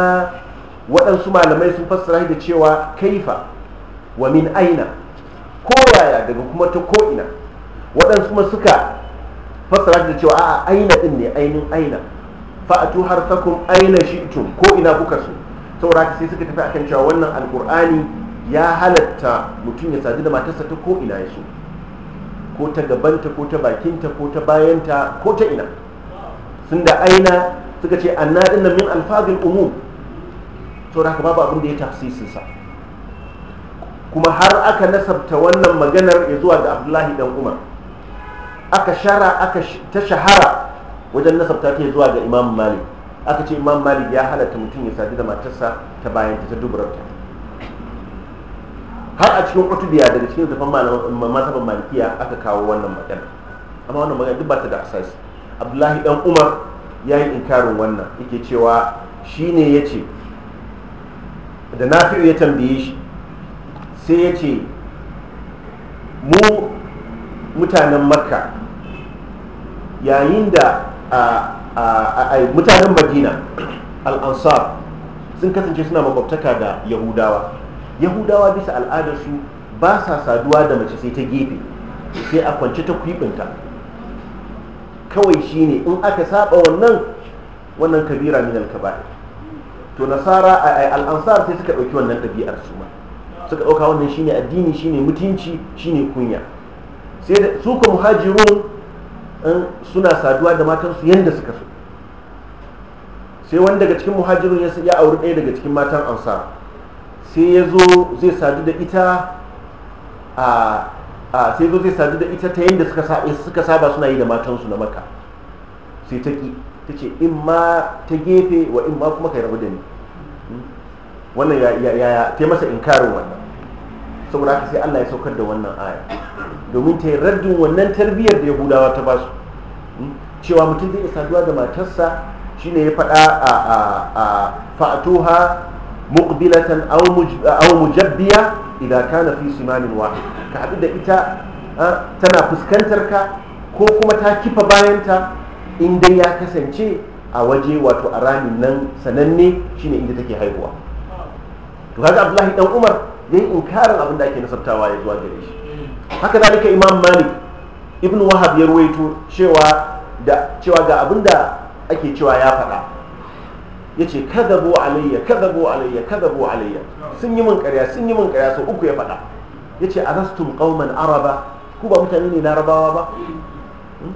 waɗansu malamai sun fassara da cewa kaifa wa min aina ko yaya daga kuma ta ko'ina." waɗansu ma suka fassara da cewa a aina ɗin ne ainin aina fa'atu harsakum aina shi ko ina kuka so saboda sai suka tafi akan cewa wannan alkur'ani ya halatta mutum ya sadu da matarsa ta ko ya so ko ta gabanta ko ta bakinta ko ta bayanta ko ta ina sun da aina suka ce anna din nan min alfazil umum to da babu abin da ya tafsisin sa kuma har aka nasabta wannan maganar ya zuwa ga abdullahi dan umar aka shara aka ta shahara wajen nasabta ta zuwa ga imam malik aka ce imam malik ya halatta mutum ya sadu da matarsa ta bayanta ta duburarta har a cikin utubiya daga cikin tafan matafan malikiya aka kawo wannan magana amma wannan magana duk ba ta da asasi abdullahi dan umar ya yi inkarin wannan yake cewa shi ne ya ce da nafi'u ya tambaye shi sai ya ce mu mutanen makka yayin da mutanen madina al'ansar sun kasance suna makwabtaka da yahudawa yahudawa bisa al'adarsu ba sa saduwa da mace sai ta gefe sai a kwance ta kwibinta kawai shine in aka saba wannan wannan kabira min al-kaba'ir to nasara al-ansar sai suka dauki wannan dabi'ar su ma suka dauka wannan shine addini shine mutunci shine kunya sai su ko muhajirun suna saduwa da matansu yanda suka so sai wani daga cikin muhajirun ya auri ɗaya daga cikin matan ansar sai ya zo zai sadu da ita a sai zo zai sadu da ita ta yadda eh, suka saba suna yi da matansu na maka sai ta ki ta ce in ma ta gefe wa in ma kuma kai rabu da ni hmm? wannan ya ta masa inkarin wannan saboda haka sai Allah ya saukar da wannan aya domin ta yi raddin wannan tarbiyyar da yahudawa ta ba su hmm? cewa mutum zai saduwa da matarsa shine ya faɗa a fa'atuha muqbilatan aw mujabbiya idan kana fi simanin wahid ka haɗu da ita tana fuskantar ka ko kuma ta kifa bayanta in dai ya kasance a waje wato a ramin nan sananne shine inda take haihuwa to kaga abdullahi dan umar yayi inkarin abin da ake nasabtawa ya zuwa gare shi haka zalika imam malik ibn wahab Yarwaito, cewa da cewa ga abin da ake cewa ya faɗa yace kadabu alayya kadabu alayya kadabu alayya sun yi min karya, sun yi min karya sau uku ya faɗa yace alastum qauman araba ku ba mutane ne na rabawa ba hmm?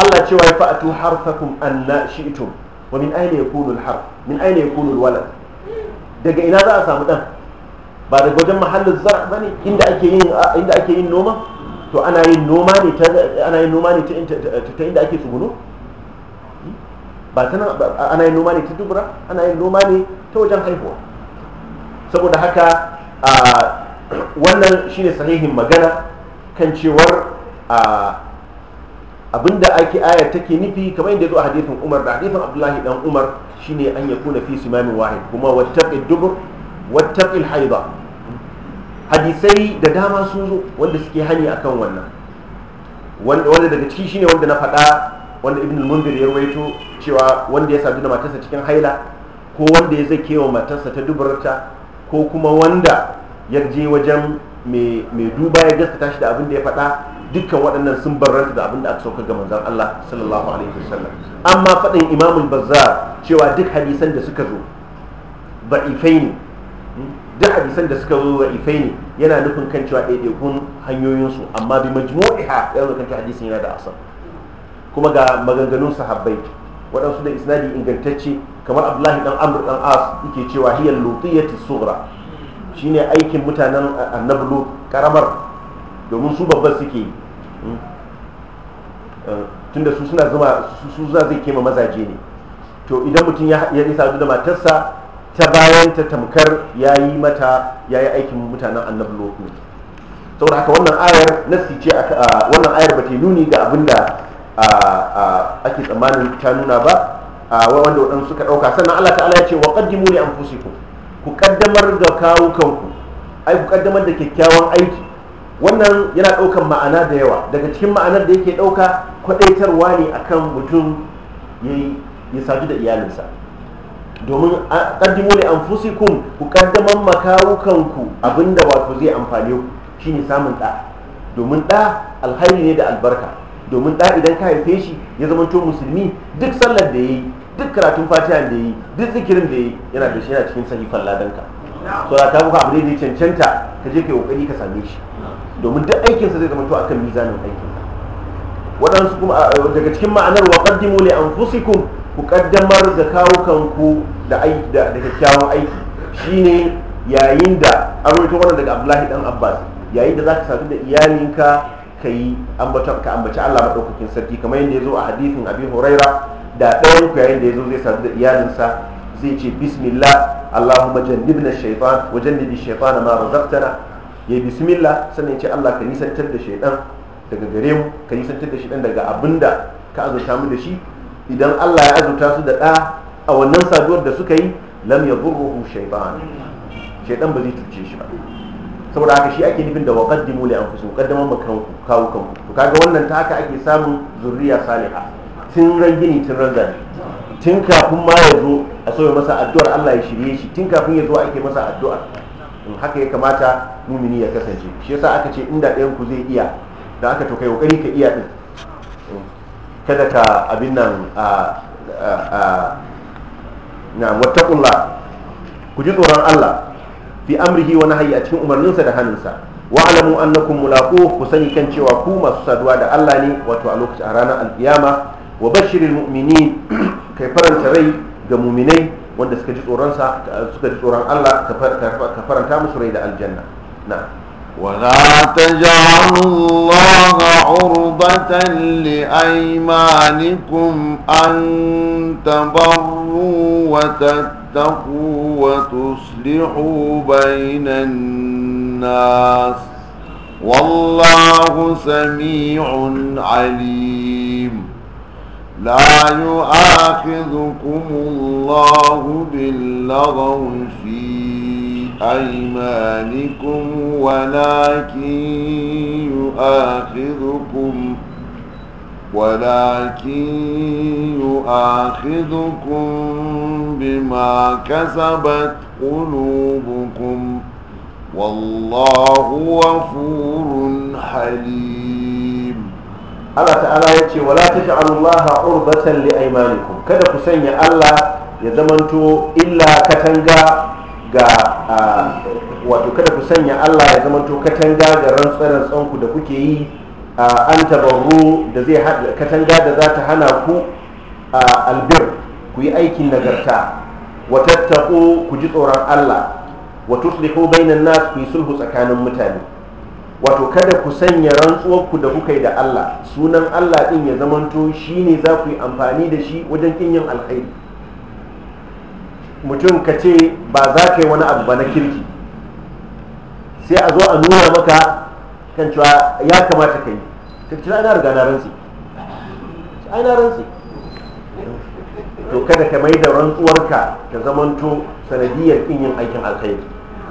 Allah cewa ya fa'atu harfakum anna shi'tum wa min aina yakunu al-harf min aina yakunu al daga ina za a samu dan ba daga wajen mahallin zar bane inda ake yin inda ake yin noma to ana yin noma ne ta ana yin noma ne ta inda ake tsuguno ba ta ana yin noma ne ta dubura ana yin noma ne ta wajen haihuwa saboda haka wannan shine sahihin magana kan cewar abinda ake ayar take nufi kamar yadda zo a hadithin umar da hadithin abdullahi dan umar shine an ya kuna fi simamin wahid kuma wattaqi dubur wattaqi haida hadisai da dama sun zo wanda suke hani akan wannan wanda daga ciki shine wanda na faɗa wanda ibn munzir ya rawaito cewa wanda ya sadu da matarsa cikin haila ko wanda ya zai wa matarsa ta dubarta ko kuma wanda ya je wajen mai duba ya gaskata shi da abin da ya faɗa dukkan waɗannan sun barranta da abin da aka sauka ga manzon Allah sallallahu alaihi wasallam amma faɗin al bazzar cewa duk hadisan da suka zo ba'ifai ne duk hadisan da suka zo ba'ifai yana nufin kan cewa ɗaiɗaikun hanyoyinsu amma bi majmu'iha yana nufin kan cewa hadisin yana da asali kuma ga maganganun sahabbai waɗansu da isnadi ingantacce kamar abdullahi dan amr dan as yake cewa hiyar lutiyati sughra shine aikin mutanen annablu karamar domin su babban suke hmm? eh, tunda su suna zama su za zai kema mazaje ne to idan mutum ya nisa da matarsa ta bayan ta tamkar ya yi mata ya yi aikin mutanen annabi ne saboda haka wannan ayar nasi ce wannan ayar ba ta nuni ga abin ake tsammanin ta nuna ba wanda waɗanda suka ɗauka sannan Allah ta'ala ya ce wa qaddimu li anfusikum ku kaddamar da kawo kanku ai ku kaddamar da kyakkyawan aiki wannan yana ɗaukan ma'ana da yawa daga cikin ma'anar da yake ɗauka kwaɗaitarwa ne akan mutum ya sadu da iyalinsa domin kaddimu li anfusikum ku kaddamar makawukanku abinda wato zai amfane ku shine samun ɗa domin ɗa alhari ne da albarka domin da idan ka haife shi ya zama to musulmi duk sallar da ya yi duk karatun fatiha da ya yi duk zikirin da ya yi yana da shi yana cikin sahifan ladanka to da ta ka abu ne da cancanta ka je ka kokari ka same shi domin duk aikinsa zai zama to akan mizanin aikinsa waɗansu kuma daga cikin ma'anar wa qaddimu li anfusikum ku kaddamar da kawo kanku da aiki da kyakkyawan aiki shine yayin da an rubuta wannan daga Abdullahi dan Abbas yayin da zaka sadu da iyalinka ka yi ka ambaci Allah maɗaukakin sarki kamar yadda ya zo a hadithin abin huraira da ɗayan ku yayin da ya zo zai sadu da iyalinsa zai ce bismillah Allahumma jannibna shaytan wa jannibi shaytan ma razaqtana ya bismillah sannan ce Allah ka nisantar da shaytan daga gare mu ka nisantar da shaytan daga abinda ka azurta mu da shi idan Allah ya azurta su da ɗa a wannan saduwar da suka yi lam yadurruhu shaytan shaytan ba zai cuce shi ba saboda haka shi ake nufin da wa qaddimu li anfusikum qaddaman makan kawo kanku to kaga wannan ta haka ake samun zurriya saliha tun ran gini tun ran tun kafin ma ya zo a sauya masa addu'ar Allah ya shirye shi tun kafin ya zo ake masa addu'a in haka ya kamata mumini ya kasance shi yasa aka ce inda ɗayan ku zai iya da aka to kai kokari ka iya din kada ka abin nan a na ku ji tsoron Allah fi amrihi wa nahyi a cikin umarninsa da hannunsa wa alamu annakum mulaqu ku sani kan cewa ku masu saduwa da Allah ne wato a lokacin a ranar alkiyama wa bashirin mu'minin kai faranta rai ga mu'minai wanda suka ji tsoron sa suka ji tsoron Allah ka faranta musu rai da aljanna na'am ولا تجعلوا الله عرضة لأيمانكم أن تبروا وتتقوا تتقوا وتصلحوا بين الناس والله سميع عليم لا يؤاخذكم الله باللغو في أيمانكم ولكن يؤاخذكم ولكن يؤاخذكم بما كسبت قلوبكم والله غفور حليم الله تعالى يقول ولا تجعلوا الله عربة لأيمانكم كذا كسني الله يزمنتو إلا كتنجا ga wato kada ku sanya Allah ya zamanto katanga ga rantsarantsanku da kuke yi an tabarru da zai katanga da za ta hana ku a albir ku yi aikin nagarta wa tattaku ku ji tsoron Allah wa tuslihu bainan nas ku yi sulhu tsakanin mutane wato kada ku sanya rantsuwar ku da kuka yi da Allah sunan Allah ɗin ya zamanto shine za ku yi amfani da shi wajen kin yin alkhairi mutum ka ce ba za ka yi wani abu ba na kirki sai a zo a nuna maka kan cewa ya kamata ka yi ta ce ana riga na rantsi ai na rantsi to kada ka mai da rantsuwarka ta zamanto sanadiyar kin yin aikin alkhairi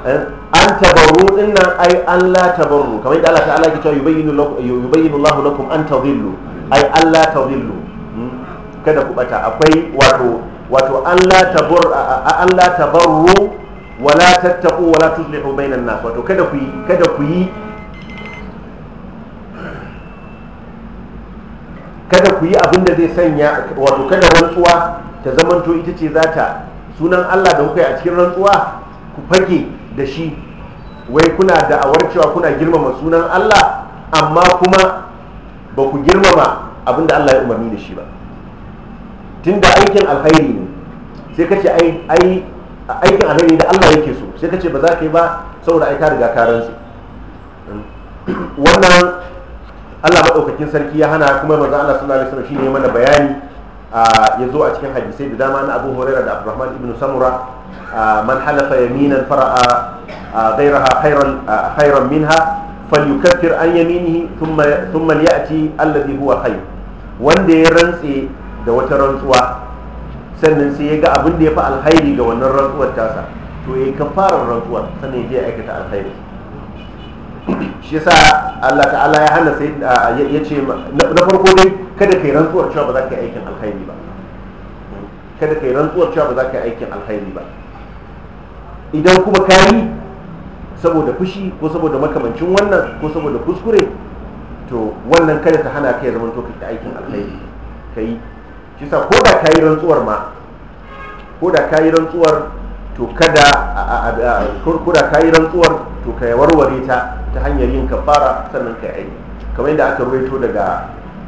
eh, an tabarru din nan ai an la tabarru kamar yadda Allah ta'ala ke cewa yubayyinu lakum yubayyinu Allah lakum an tadhillu ai Allah tadhillu hmm? kada ku bata akwai wato wato an la tabur an la tabarru wala tattaqu wala tuslihu bainan nas wato kada ku kada ku yi kada ku yi abin da zai sanya wato kada rantsuwa ta zamanto ita ce za ta sunan Allah da kuka yi a cikin rantsuwa ku fage da shi wai kuna da awar cewa kuna girmama sunan Allah amma kuma ba ku girmama abin da Allah ya umarni da shi ba Tun da aikin alhairi ne sai ka ce aikin alhairi da Allah yake so sai ka ce ba za ka yi ba saboda aika ka riga ka wannan Allah maɗaukakin sarki ya hana kuma manzo Allah sallallahu alaihi wasallam shine mana bayani ya zo a cikin hadisai da dama na Abu Hurairah da Abdurrahman ibn Samura man halafa yaminan fara'a ghayraha khairan khairan minha falyukaffir an yaminihi thumma thumma Allah alladhi huwa khair wanda ya rantse da wata rantsuwa sannan sai ya ga abin da ya fi alhairi ga wannan rantsuwar tasa to ya kafarar rantsuwar sannan ya je aikata alhairi shi yasa Allah ta'ala ya hana sai ya ce na farko dai kada kai rantsuwar cewa ba za ka yi aikin alkhairi ba kada kai rantsuwar cewa ba za ka yi aikin alkhairi ba idan kuma ka yi saboda fushi ko saboda makamancin wannan ko saboda kuskure to wannan kada ta hana ka ya zama aikin alkhairi ka yi shi yasa ko da ka yi rantsuwar ma ko da ka yi rantsuwar to kada kurkura ka yi rantsuwar to ka warware ta ta hanyar yin kafara sannan ka yi kamar yadda aka rubuto daga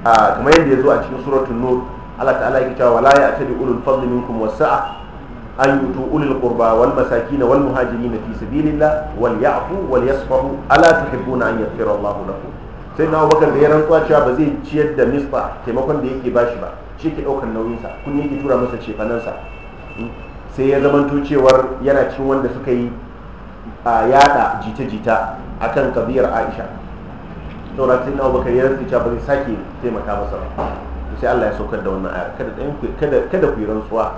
kamar yadda ya zo a cikin suratul nur Allah ta'ala yake cewa wala tadi ulul fadli minkum wasa'a an yutu ulul qurba wal masakin wal muhajirin fi sabilillah wal ya'fu wal yasfahu ala tuhibbuna an yaghfira Allah lakum sai na bakar da ya rantsuwa cewa ba zai ciyar da misba taimakon da yake bashi ba shi ke daukar nauyinsa sa kun yake tura masa cefanansa hmm? sai ya zama cewar yana cin wanda suka yi a yada jita-jita a kan kabiyar aisha saura sai na abubakar ya rantsi ba zai sake taimaka masa ba sai allah ya saukar da wannan ayar kada ku yi rantsuwa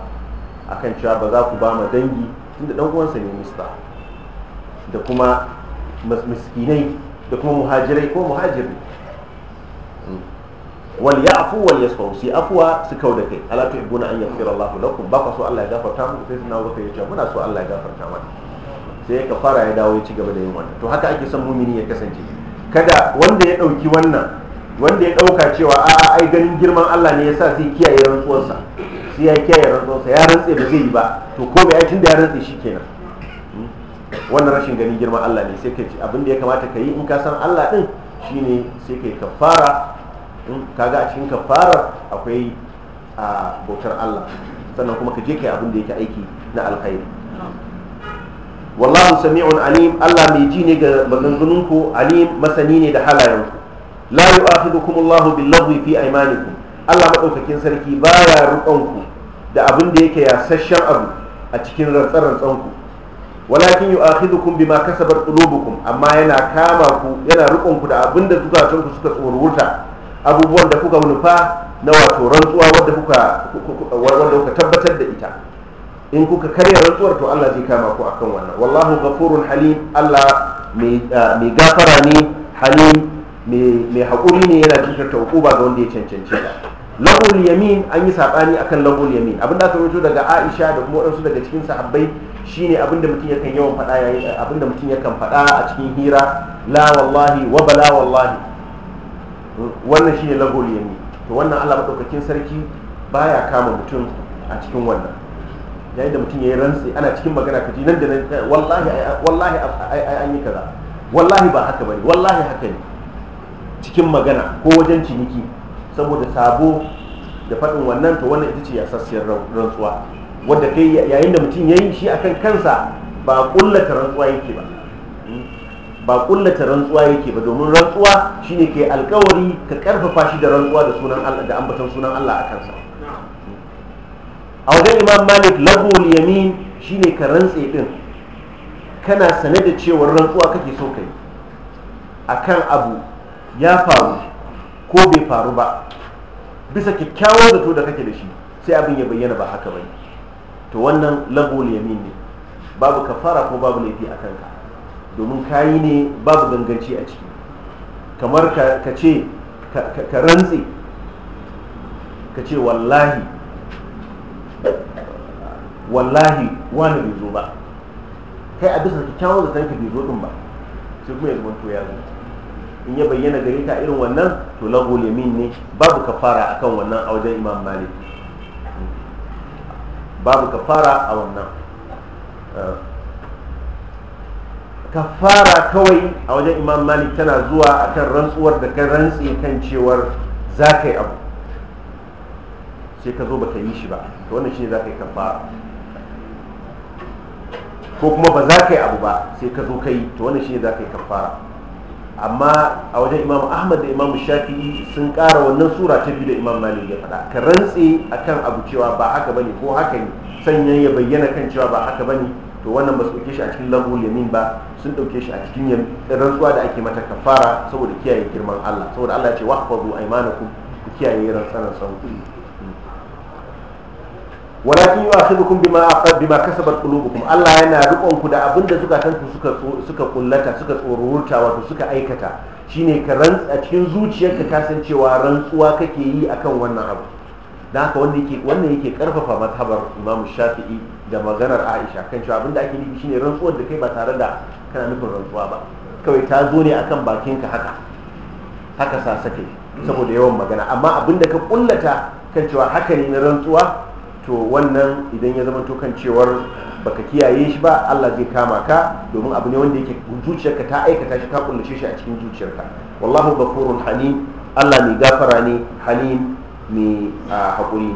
a kan cewa ba za ku ba ma dangi tun ɗan uwansa ne mista da kuma miskinai da kuma muhajirai ko muhajiri wal ya'fu wal yasfahu si afwa su kau da kai ala ibuna an yaghfira Allahu lakum ba ku so Allah ya gafarta muku sai tunawo kai yace muna so Allah ya gafarta mana sai ya kafara ya dawo ya ci gaba da yin wannan to haka ake son mumini ya kasance kada wanda ya dauki wannan wanda ya dauka cewa a ai ganin girman Allah ne yasa sai kiyaye rantsuwarsa sai ya kiyaye rantsuwarsa ya rantse ba zai yi ba to ko bai tunda ya rantse shikenan hmm? wannan rashin ganin girman Allah ne sai kai abin da ya kamata ka yi in ka san Allah din shine sai ka yi kafara kaga a cikin kafarar akwai a bautar Allah sannan kuma ka je kai abin da yake aiki na alkhairi wallahu sami'un alim Allah mai ji ne ga ku alim masani ne da halayenku la yu'akhidukum Allahu bil laghwi fi aymanikum Allah madaukakin sarki baya ku da abin da yake yasasshen abu a cikin rantsarantsanku walakin yu'akhidukum bima kasabat qulubukum amma yana kama ku yana ku da abin da zukatanku suka tsorurta abubuwan da kuka nufa na wato rantsuwa wadda kuka tabbatar da ita in kuka karya rantsuwar to Allah zai kama ku akan wannan wallahu ghafurun halim Allah mai ah, gafara ne halim mai haƙuri ne yana cikin ta hukuma ga wanda ya cancance ta lahul yamin an yi saɓani akan lahul yamin abin da aka rubuto daga aisha da kuma wadansu daga cikin sahabbai shine abin da mutum yakan yawan faɗa abin da mutum yakan faɗa a cikin hira la wallahi wa bala wallahi wannan shine lagol yami to wannan Allah madaukakin sarki baya kama mutum a cikin wannan yayin da mutum yayi rantsi ana cikin magana kaji nan da nan wallahi wallahi an yi kaza wallahi ba haka bane wallahi haka ne cikin magana ko wajen ciniki saboda sabo da faɗin wannan to wannan ita ce yasassiyar rantsuwa wadda kai yayin da mutum yi shi akan kansa ba kullata rantsuwa yake ba ba kullata rantsuwa yake ba domin rantsuwa shine ke alkawari ka karfafa shi da rantsuwa da sunan Allah da ambaton sunan Allah a kansa a wajen imam malik lahul yamin shine ka rantse din kana sane da cewar rantsuwa kake so kai akan abu ya faru ko bai faru ba bisa kyakkyawar zato da kake da shi sai abin ya bayyana ba haka bane to wannan lahul yamin ne babu kafara ko babu laifi a kanka domin kayi ne babu ganganci a ciki kamar ka ce ka rantse ka ce wallahi wallahi wani bai zo ba kai a bisa da zaton ka bai zo din ba sai kuma ya zama to ya zo in ya bayyana gare ta irin wannan to lagu lemin ne babu ka fara a kan wannan a wajen imam malik babu ka fara a wannan eh, kafara kawai a wajen imam malik tana zuwa a kan rantsuwar da ka rantsi kan cewar za ka yi abu sai ka zo ba ka yi shi ba to wannan shine za ka yi kafara ko kuma ba za ka yi abu ba sai ka zo ka yi to wannan shine za ka yi kafara amma a wajen imam ahmad da imam shafi'i sun kara wannan sura ta biyu da imam malik ya faɗa ka a akan abu cewa ba haka bane ko haka ne sannan ya bayyana kan cewa ba haka bane to wannan ba su ɗauke shi a cikin lahul yamin ba sun ɗauke shi a cikin rantsuwa da ake mata kafara saboda kiyaye girman Allah saboda Allah ya ce wahfazu aymanakum ku kiyaye rantsanan sauki walakin yu'akhidukum bima bima kasabat qulubukum Allah yana rikon ku da abinda da suka suka kullata suka tsorurta wato suka aikata shine ka rantsa cikin zuciyarka kasancewa rantsuwa kake yi akan wannan abu da haka wannan yake karfafa mazhabar imam shafi'i da maganar aisha kan cewa abinda ake nufi shine rantsuwar da kai ba tare da kana nufin rantsuwa ba kawai ta zo ne akan bakinka haka haka sa sake saboda yawan magana amma abinda ka kullata kan cewa haka ne na rantsuwa to wannan idan ya zama to kan cewar baka kiyaye shi ba Allah zai kama ka domin abu ne wanda yake zuciyarka ta aikata shi ka kullace shi a cikin zuciyarka wallahu bakurun halim Allah mai gafara ne halim mai haƙuri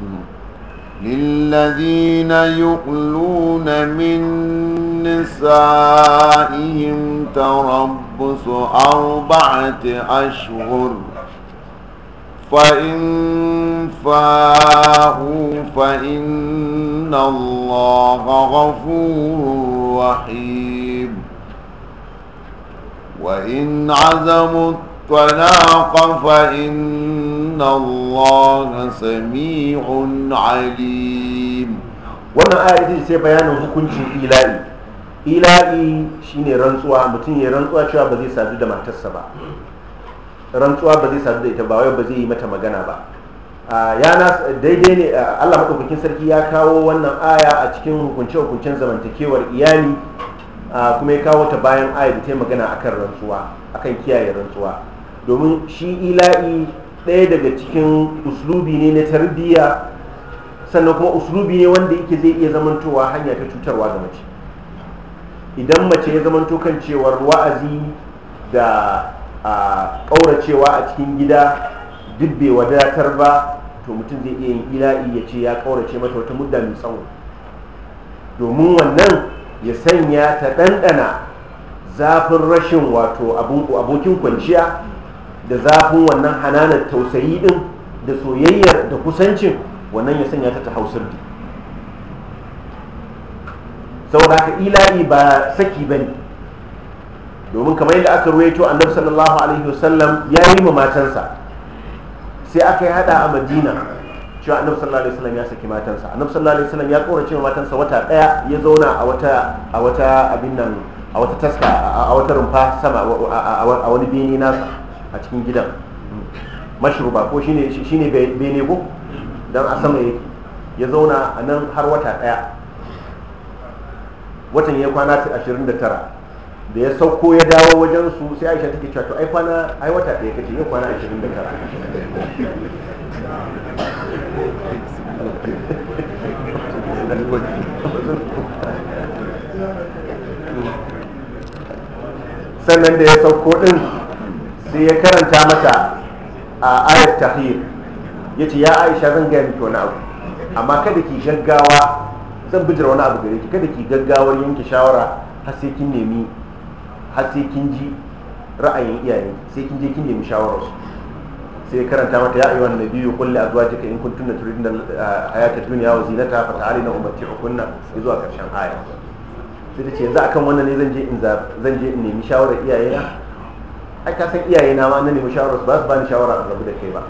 ne للذين يؤلون من نسائهم تربص أربعة أشهر فإن فاءوا فإن الله غفور رحيم وإن عزموا الطلاق فإن الله سميع عليم wannan ayar ita ce bayanin hukuncin ila'i ila'i shine rantsuwa mutum ya rantsuwa cewa ba zai sadu da matarsa ba rantsuwa ba zai sadu da ita ba wai ba zai yi mata magana ba ya daidai ne Allah maɗaukakin sarki ya kawo wannan aya a cikin hukunce-hukuncen zamantakewar iyali kuma ya kawo ta bayan da ta magana akan rantsuwa akan kiyaye rantsuwa domin shi ila'i ɗaya daga cikin uslubi ne na tarbiyya sannan kuma uslubi ne wanda yake zai iya zamantowa hanya ta cutarwa da mace idan mace ya zamanto kan cewar wa'azi da ƙauracewa a cikin gida duk bai wadatar ba to mutum zai iya yin ila'i ya ce ya ƙaurace mata wata mudda mai tsawo domin wannan ya sanya ta ɗanɗana zafin rashin wato abokin kwanciya da zafin wannan hananar tausayi ɗin da soyayyar da kusancin wannan ya sanya ta ta hausar da saboda haka ila'i ba saki ba ne domin kamar yadda aka ruwaito annabi sallallahu alaihi wasallam ya yi ma matansa sai aka yi hada a madina cewa annabi sallallahu alaihi wasallam ya saki matansa annabi sallallahu alaihi wasallam ya kora cewa matansa wata daya ya zauna a wata a wata abin nan a wata taska a wata rumfa sama a wani bene nasa a cikin gidan mashruba ko shine shine bene ko dan a sama yake ya zauna a nan har wata daya watan ya kwana 29 da ya sauko ya dawo wajen su sai Aisha take cewa to ai kwana ai wata daya kace ya kwana 29 sannan da ya sauko ɗin sai ya karanta mata a ayat tahir ya ce ya aisha zan gaya miki wani abu amma kada ki gaggawa zan bijira wani abu gare ki kada ki gaggawar yanke shawara har sai kin nemi har sai kin ji ra'ayin iyayen sai kin je kin nemi shawararsu sai karanta mata ya ayyuhan nabiyyu qul li azwajika in kuntunna turidna hayata dunya wa zinata fa ta'alina umatti'ukunna zuwa karshen aya sai ta ce yanzu akan wannan ne zan je in zan je in nemi shawarar iyayena ai ka san iyayena ma na nemi shawarar su ba su bani shawara a rabu da kai ba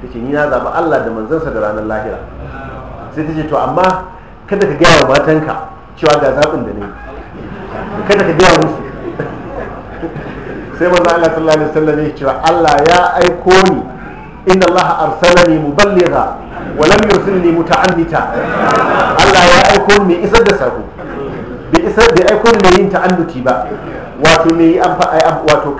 ta ce ni na zaɓi Allah da sa da ranar lahira sai ta ce to amma kada ka gaya wa matanka cewa ga zaɓin da na yi kada ka gaya musu sai manzo Allah sallallahu alaihi wasallam ya ce Allah ya aiko ni inna Allah arsalani muballigha wa lam yursilni muta'annita Allah ya aiko ni isar da sako bai isar da aiko ni mai yin ta'annuti ba wato mai wato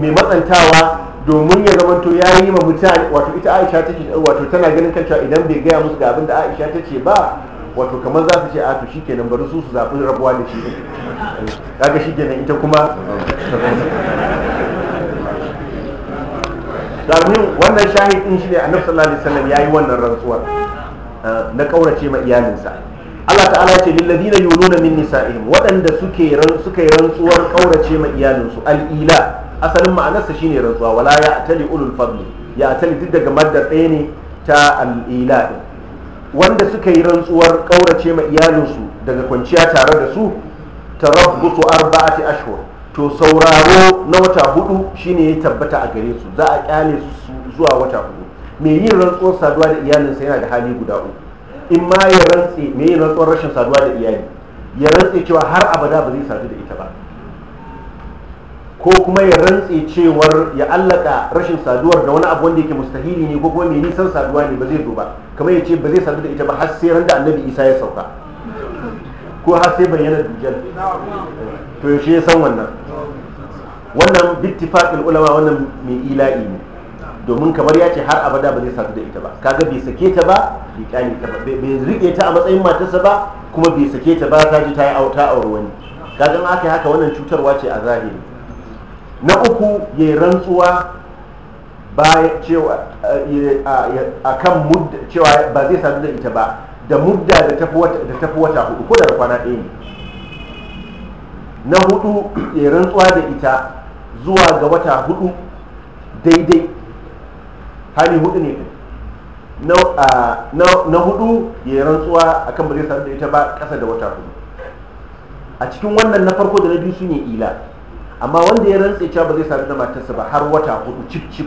mai matsantawa domin ya to ya yi ma mutane wato ita aisha take wato tana ganin kanta idan bai gaya musu ga abin da aisha ta ce ba wato kamar za su ce a to shikenan bari su su zaɓi rabuwa da shi kaga shikenan ita kuma domin wannan ɗin shi ne annabi sallallahu sallam ya yi wannan rantsuwar eh, na kaurace ma iyalinsa Allah ta'ala ce na ladina na min nisa nisa'ihim waɗanda suke ran suka yi rantsuwar kaurace ma iyalinsu alila asalin ma'anarsa shine rantsuwa wala ya atali ulul fadli ya atali duk daga maddar ɗaya ne ta al'ila. wanda suka yi rantsuwar ƙaurace ma iyalinsu daga kwanciya tare da su ta rabbutu arba'ati ashhur to sauraro na wata hudu shine ya tabbata a gare su za a kyale su zuwa wata hudu me yin rantsuwar saduwa da iyalinsa yana da hali guda uku in ma ya rantsi me yin rantsuwar rashin saduwa da iyali ya rantsi cewa har abada ba zai sadu da ita ba ko kuma ya rantse cewar ya allaka rashin saduwar da wani abu wanda yake mustahili ne ko kuma mai nisan saduwa ne ba zai zo ba kamar ya ce ba zai sadu da ita ba har sai ran da annabi isa ya sauka ko har sai bayyana dujjal to yaushe ya san wannan wannan bittifaqil ulama wannan mai ila'i ne domin kamar ya ce har abada ba zai sadu da ita ba kaga bai sake ta ba bai kyani ta ba bai rike ta a matsayin matarsa ba kuma bai sake ta ba ta ji ta yi auta a wani kaga in aka yi haka wannan cutarwa ce a zahiri na uku eh, eh, ya rantsuwa a kan mudda cewa ba zai sami da ita ba da mudda da tafi wata hudu ko da kwana ɗaya ne na hudu ya rantsuwa da ita zuwa ga wata hudu daidai hali hudu ne na hudu ya rantsuwa a kan ba zai sami da ita ba ƙasa da wata hudu a cikin wannan na farko da na biyu su ne ila amma wanda ya rantse cewa ba zai sami da matarsa ba har wata hudu cip cip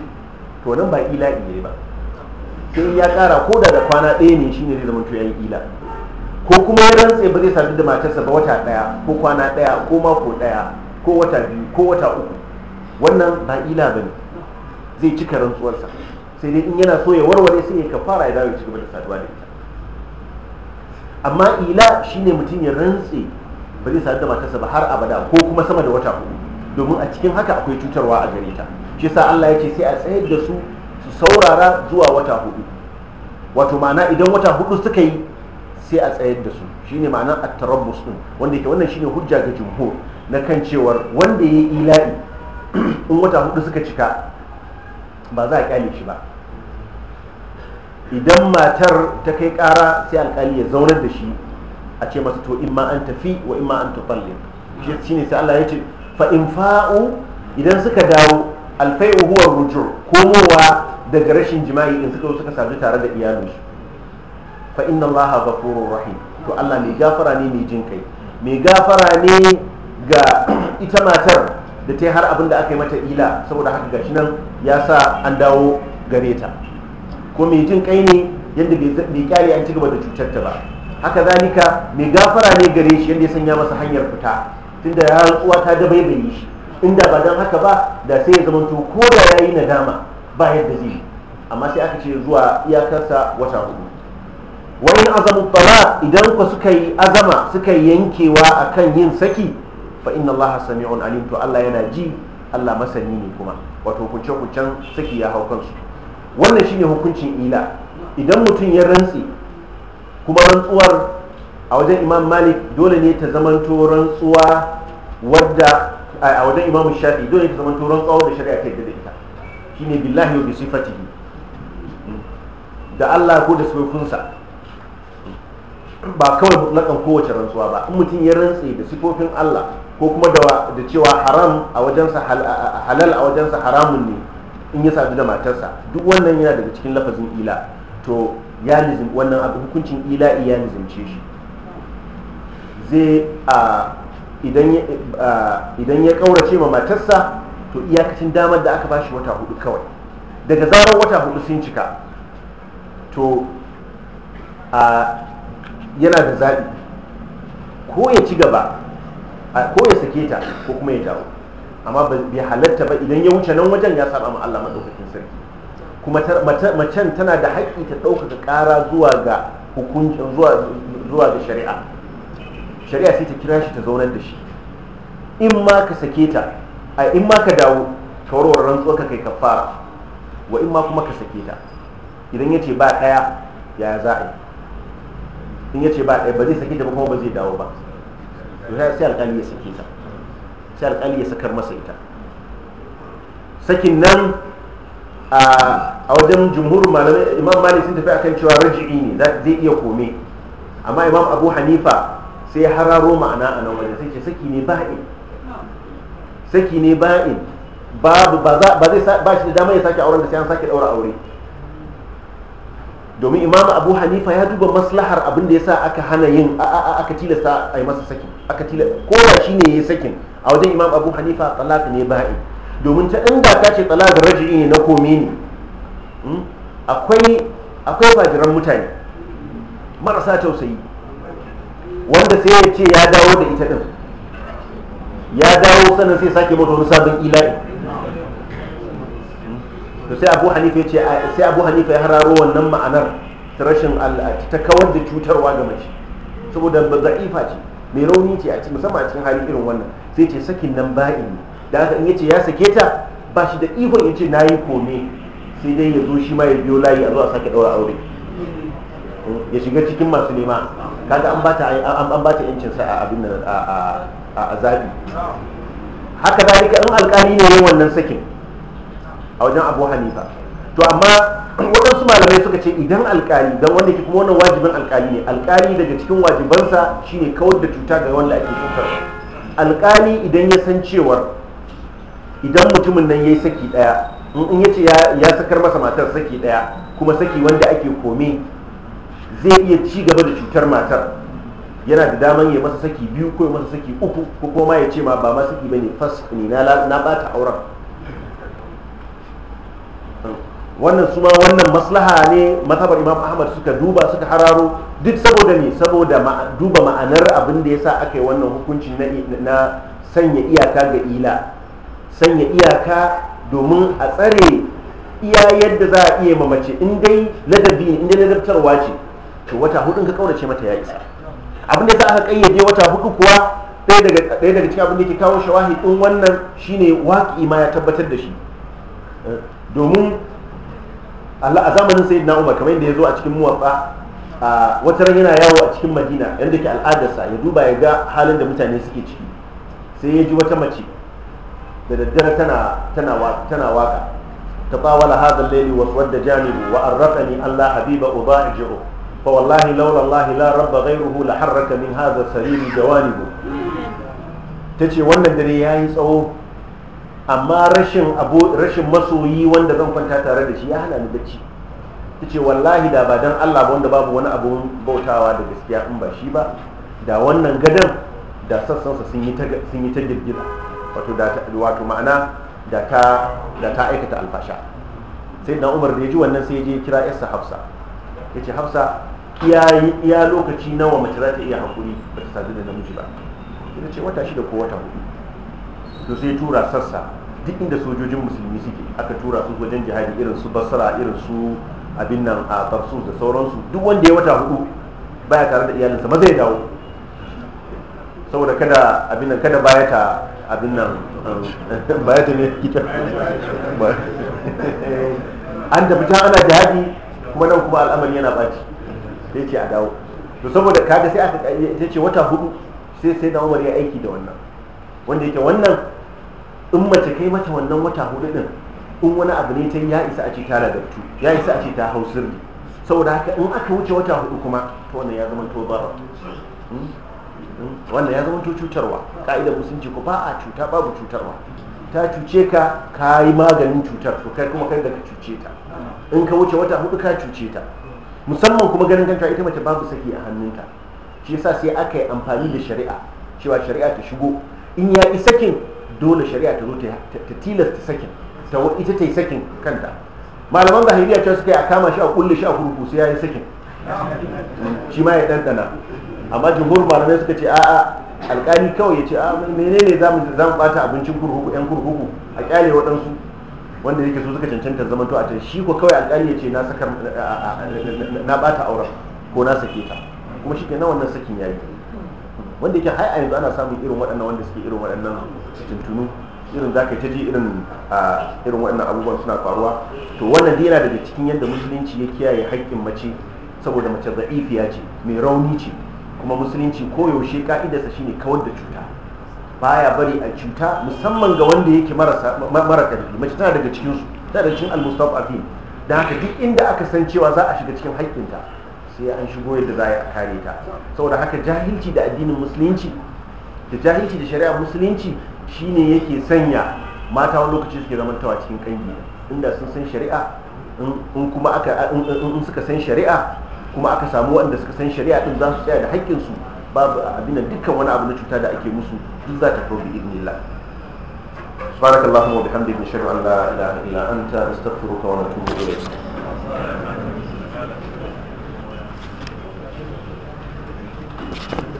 to nan ba ila ne ba sai ya kara ko da da kwana ɗaya ne shine zai zama to yi ila ko kuma ya rantse ba zai sadu da matarsa ba wata ɗaya ko kwana ɗaya ko mako ɗaya ko wata biyu ko wata uku wannan ba ila ba ne zai cika rantsuwarsa sai dai in yana so ya warware sai ya fara ya dawo ya ci gaba da saduwa da ita amma ila shine mutum ya rantse ba zai sami da matarsa ba har abada ko kuma sama da wata hudu domin a cikin haka akwai cutarwa a gare ta shi sa Allah ya ce sai a tsayar da su su saurara zuwa wata hudu wato ma'ana idan wata hudu suka yi sai a tsayar da su shine ma'ana at-tarabbus din wanda yake wannan hujja ga jumhur na kan cewar wanda ya yi ila'i in wata hudu suka cika ba za a kyale shi ba idan matar ta kai kara sai alkali ya zaunar da shi a ce masa to in ma an tafi wa in ma an shi ne sai Allah ya ce fa in fa'u idan suka dawo alfai uhuwar rujur komowa daga rashin jima'i in suka zo suka sadu tare da iyalinsu fa inna allaha rahim to Allah mai gafara ne mai jin kai mai gafara ne ga ita matar da ta yi har abin da aka yi mata ila saboda haka gashi nan ya sa an dawo gare ta ko mai jin kai ne yadda bai kyale an ci gaba da cutar ta ba haka zalika mai gafara ne gare shi yadda ya sanya masa hanyar fita tunda ya rantsuwa ta ga bai bai shi inda ba don haka ba da sai ya zama ko da ya yi nadama ba yadda zai yi amma sai aka ce zuwa iyakarsa wata hudu wani azamu talaq idan ku suka yi azama suka yankewa akan yin saki fa inna Allah sami'un alim to Allah yana ji Allah masani ne kuma wato hukunce-hukuncen saki ya hau kansu wannan shine hukuncin ila idan mutum ya rantsi kuma rantsuwar a wajen imam malik dole ne ta zamanto tsuwa wadda a wajen imam shafi dole ne ta zama zamanto rantsuwa da shari'a ta yadda da ita shine billahi wa bi sifatihi da Allah ko da sifofinsa ba kawai mutlakan kowace rantsuwa ba in mutum ya rantse da sifofin Allah ko kuma da cewa haram a wajensa halal a wajensa haramun ne in ya sadu da matarsa duk wannan yana daga cikin lafazin ila to ya wannan hukuncin ila ya nizimce shi zai idan ya kaurace ma matarsa to iyakacin damar da aka bashi wata hudu kawai daga zarar wata hudu sun cika to yana da zaɓi ko ya ci gaba ko ya sake ta ko kuma ya dawo amma bai halatta ba idan ya wuce nan wajen ya saba ma Allah madaukakin sarki kuma macen tana da haƙƙi ta ɗaukaka ƙara zuwa ga hukuncin zuwa ga shari'a shari'a sai ta kira shi ta zaunar da shi in ma ka sake ta a in ma ka dawo kawarwar rantsuwa ka kai kafara wa in ma kuma ka sake ta idan ya ce ba ɗaya ya za a yi in ya ce ba ɗaya ba zai sake ta ba kuma ba zai dawo ba sai alƙali ya sake ta sai alƙali ya sakar masa ita sakin nan a wajen jumhur malamai imam malik sun tafi akan cewa raji'i ne zai iya kome amma imam abu hanifa sai hararo ma'ana a nan wajen sai ce saki ne ba'in saki ne ba'in babu ba zai ba shi da dama ya sake auren da sai an sake daura aure domin imamu abu hanifa ya duba maslahar abin da ya sa aka hana yin aka tilasta a yi masa sakin aka tilasta kowa shi ne ya sakin a wajen imam abu hanifa talaka ne ba'i domin ta inda ta ce talaka raji'i ne na komi ne hmm, akwai akwai bajiran mutane marasa tausayi wanda sai ya ce ya dawo da ita din ya dawo sannan sai sake mata wani sabon ila'i to sai abu hanifa ce sai abu hanifa ya hararo wannan ma'anar ta rashin ta kawar da cutarwa ga mace saboda ba za'ifa ce mai rauni ce a cikin musamman a cikin hali irin wannan sai ce sakin nan ba'i ne da haka in yace ya sake ta ba shi da ikon na yi kome sai dai ya zo shi ma ya biyo layi a zo a sake daura aure ya shiga cikin masu nema kaga an bata an bata yancin sa a abin da a azabi haka in alƙali ne yin wannan sakin a wajen Abu Hanifa to amma waɗansu malamai suka ce idan alƙali, dan wanda ke kuma wannan wajibin alƙali ne alƙali daga cikin wajibansa shine kawar da cuta ga wanda ake cutar Alƙali idan ya san cewar idan mutumin nan yayi saki ɗaya in ya ce ya sakar masa matar saki ɗaya kuma saki wanda ake kome zai iya ci gaba da cutar matar yana da daman ya masa saki biyu ko ya masa saki uku ko kuma ya ce ma ba ma saki bane fas ne na bata auren wannan su ma wannan maslaha ne matabar imam ahmad suka duba suka hararo duk saboda ne saboda duba ma'anar abin da yasa aka yi wannan hukunci na sanya iyaka ga ila sanya iyaka domin a tsare iya yadda za a iya mamace in dai ladabi in dai ladabtarwa ce to wata hudun ka kaurace mata ya isa abin da za a kayyade wata hudu kuwa ɗaya daga cikin abin ke kawo shawahi ɗin wannan shine waƙi ma ya tabbatar da shi domin Allah a zamanin na Umar kamar yadda ya zo a cikin muwaɓa a wata ran yana yawo a cikin Madina yadda ke al'adarsa ya duba ya ga halin da mutane suke ciki sai ya ji wata mace da daddare tana tana waka ta qawala hadha wasu layli wa wadda janibu wa arrafani Allah habiba uda'ijuhu Wallahi فوالله لولا الله لا رب غيره لحرك من هذا السرير جوانبه تجي wannan dare yayi tsawo amma rashin abu rashin masoyi wanda zan kwanta tare da shi ya hana ni bacci tace wallahi da ba dan Allah ba wanda babu wani abu bautawa da gaskiya in ba shi ba da wannan gadan da sassansa sun yi ta sun yi ta girgiza wato da wato ma'ana da ta da ta aikata alfasha sai dan Umar da ya ji wannan sai ya je kira Yassa Hafsa ta ce hafsa iya lokaci nawa mace za ta iya haƙuri ba ta sadu da namiji ba ita ce wata shida ko wata hudu to sai tura sassa duk inda sojojin musulmi suke aka tura su wajen jihadi irin su basra irin su abin nan a tarsus da sauransu duk wanda ya wata hudu baya tare da iyalinsa maza ya dawo saboda kada abin nan kada baya ta abin nan baya ta ne kita an tafi can ana jihadi kuma nan kuma al'amari yana baci sai ce a dawo to saboda kaga sai aka ta ce wata hudu sai sai na umar ya aiki da wannan wanda yake wannan in mace kai mata wannan wata hudu din in wani abu ne ta ya isa a ce ta lagartu ya isa a ce ta hau sirri saboda haka in aka wuce wata hudu kuma to wannan ya zama to bara hmm? Hmm? wannan ya zama to cutarwa ka'idar musulunci ko ba a cuta babu cutarwa ta cuce ka ka yi maganin cutar to kai kuma kai da ka cuce ta in ka wuce wata hudu ka cuce ta musamman kuma ganin kanta ita mace babu saki a hannunta shi yasa sai aka yi amfani da shari'a cewa shari'a ta shigo in ya yi sakin dole shari'a ta zo ta tilasta sakin ta ita ta yi sakin kanta malaman zahiriya cewa suka yi a kama shi a kulle shi a kurku sai ya yi sakin shi ma ya dandana amma jumhur malamai suka ce a'a alkali kawai ya ce a menene za mu bata abincin kurkuku yan kurkuku a kyale waɗansu wanda yake so suka cancanta zaman to a can shi ko kawai alƙali ya ce na saka na bata auren ko na sake ta kuma shi kenan wannan sakin ya yi wanda yake har a yanzu ana samun irin waɗannan wanda suke irin waɗannan tuntunu irin za ka ta ji irin waɗannan abubuwan suna faruwa to wannan dai yana daga cikin yadda musulunci ya kiyaye haƙƙin mace saboda mace za'ifiya ce mai rauni ce kuma musulunci koyaushe ka'idarsa shine kawar da cuta baya bari a cuta musamman ga wanda yake mara karfi mace tana daga cikinsu tana da cikin almustaf afi da haka duk inda aka san cewa za a shiga cikin haƙƙinta sai an shigo yadda za a kare ta saboda haka jahilci da addinin musulunci da jahilci da shari'a musulunci shine yake sanya mata wani lokaci suke zamantawa cikin kangi inda sun san shari'a in kuma aka in suka san shari'a kuma aka samu waɗanda suka san shari'a din za su tsaya da haƙƙinsu babu abin dukkan wani abu na cuta da ake musu in za ta tobi bi idnillah subhanakallahumma wa bihamdika ashhadu an la ilaha illa anta astaghfiruka wa atubu ilayk Thank you.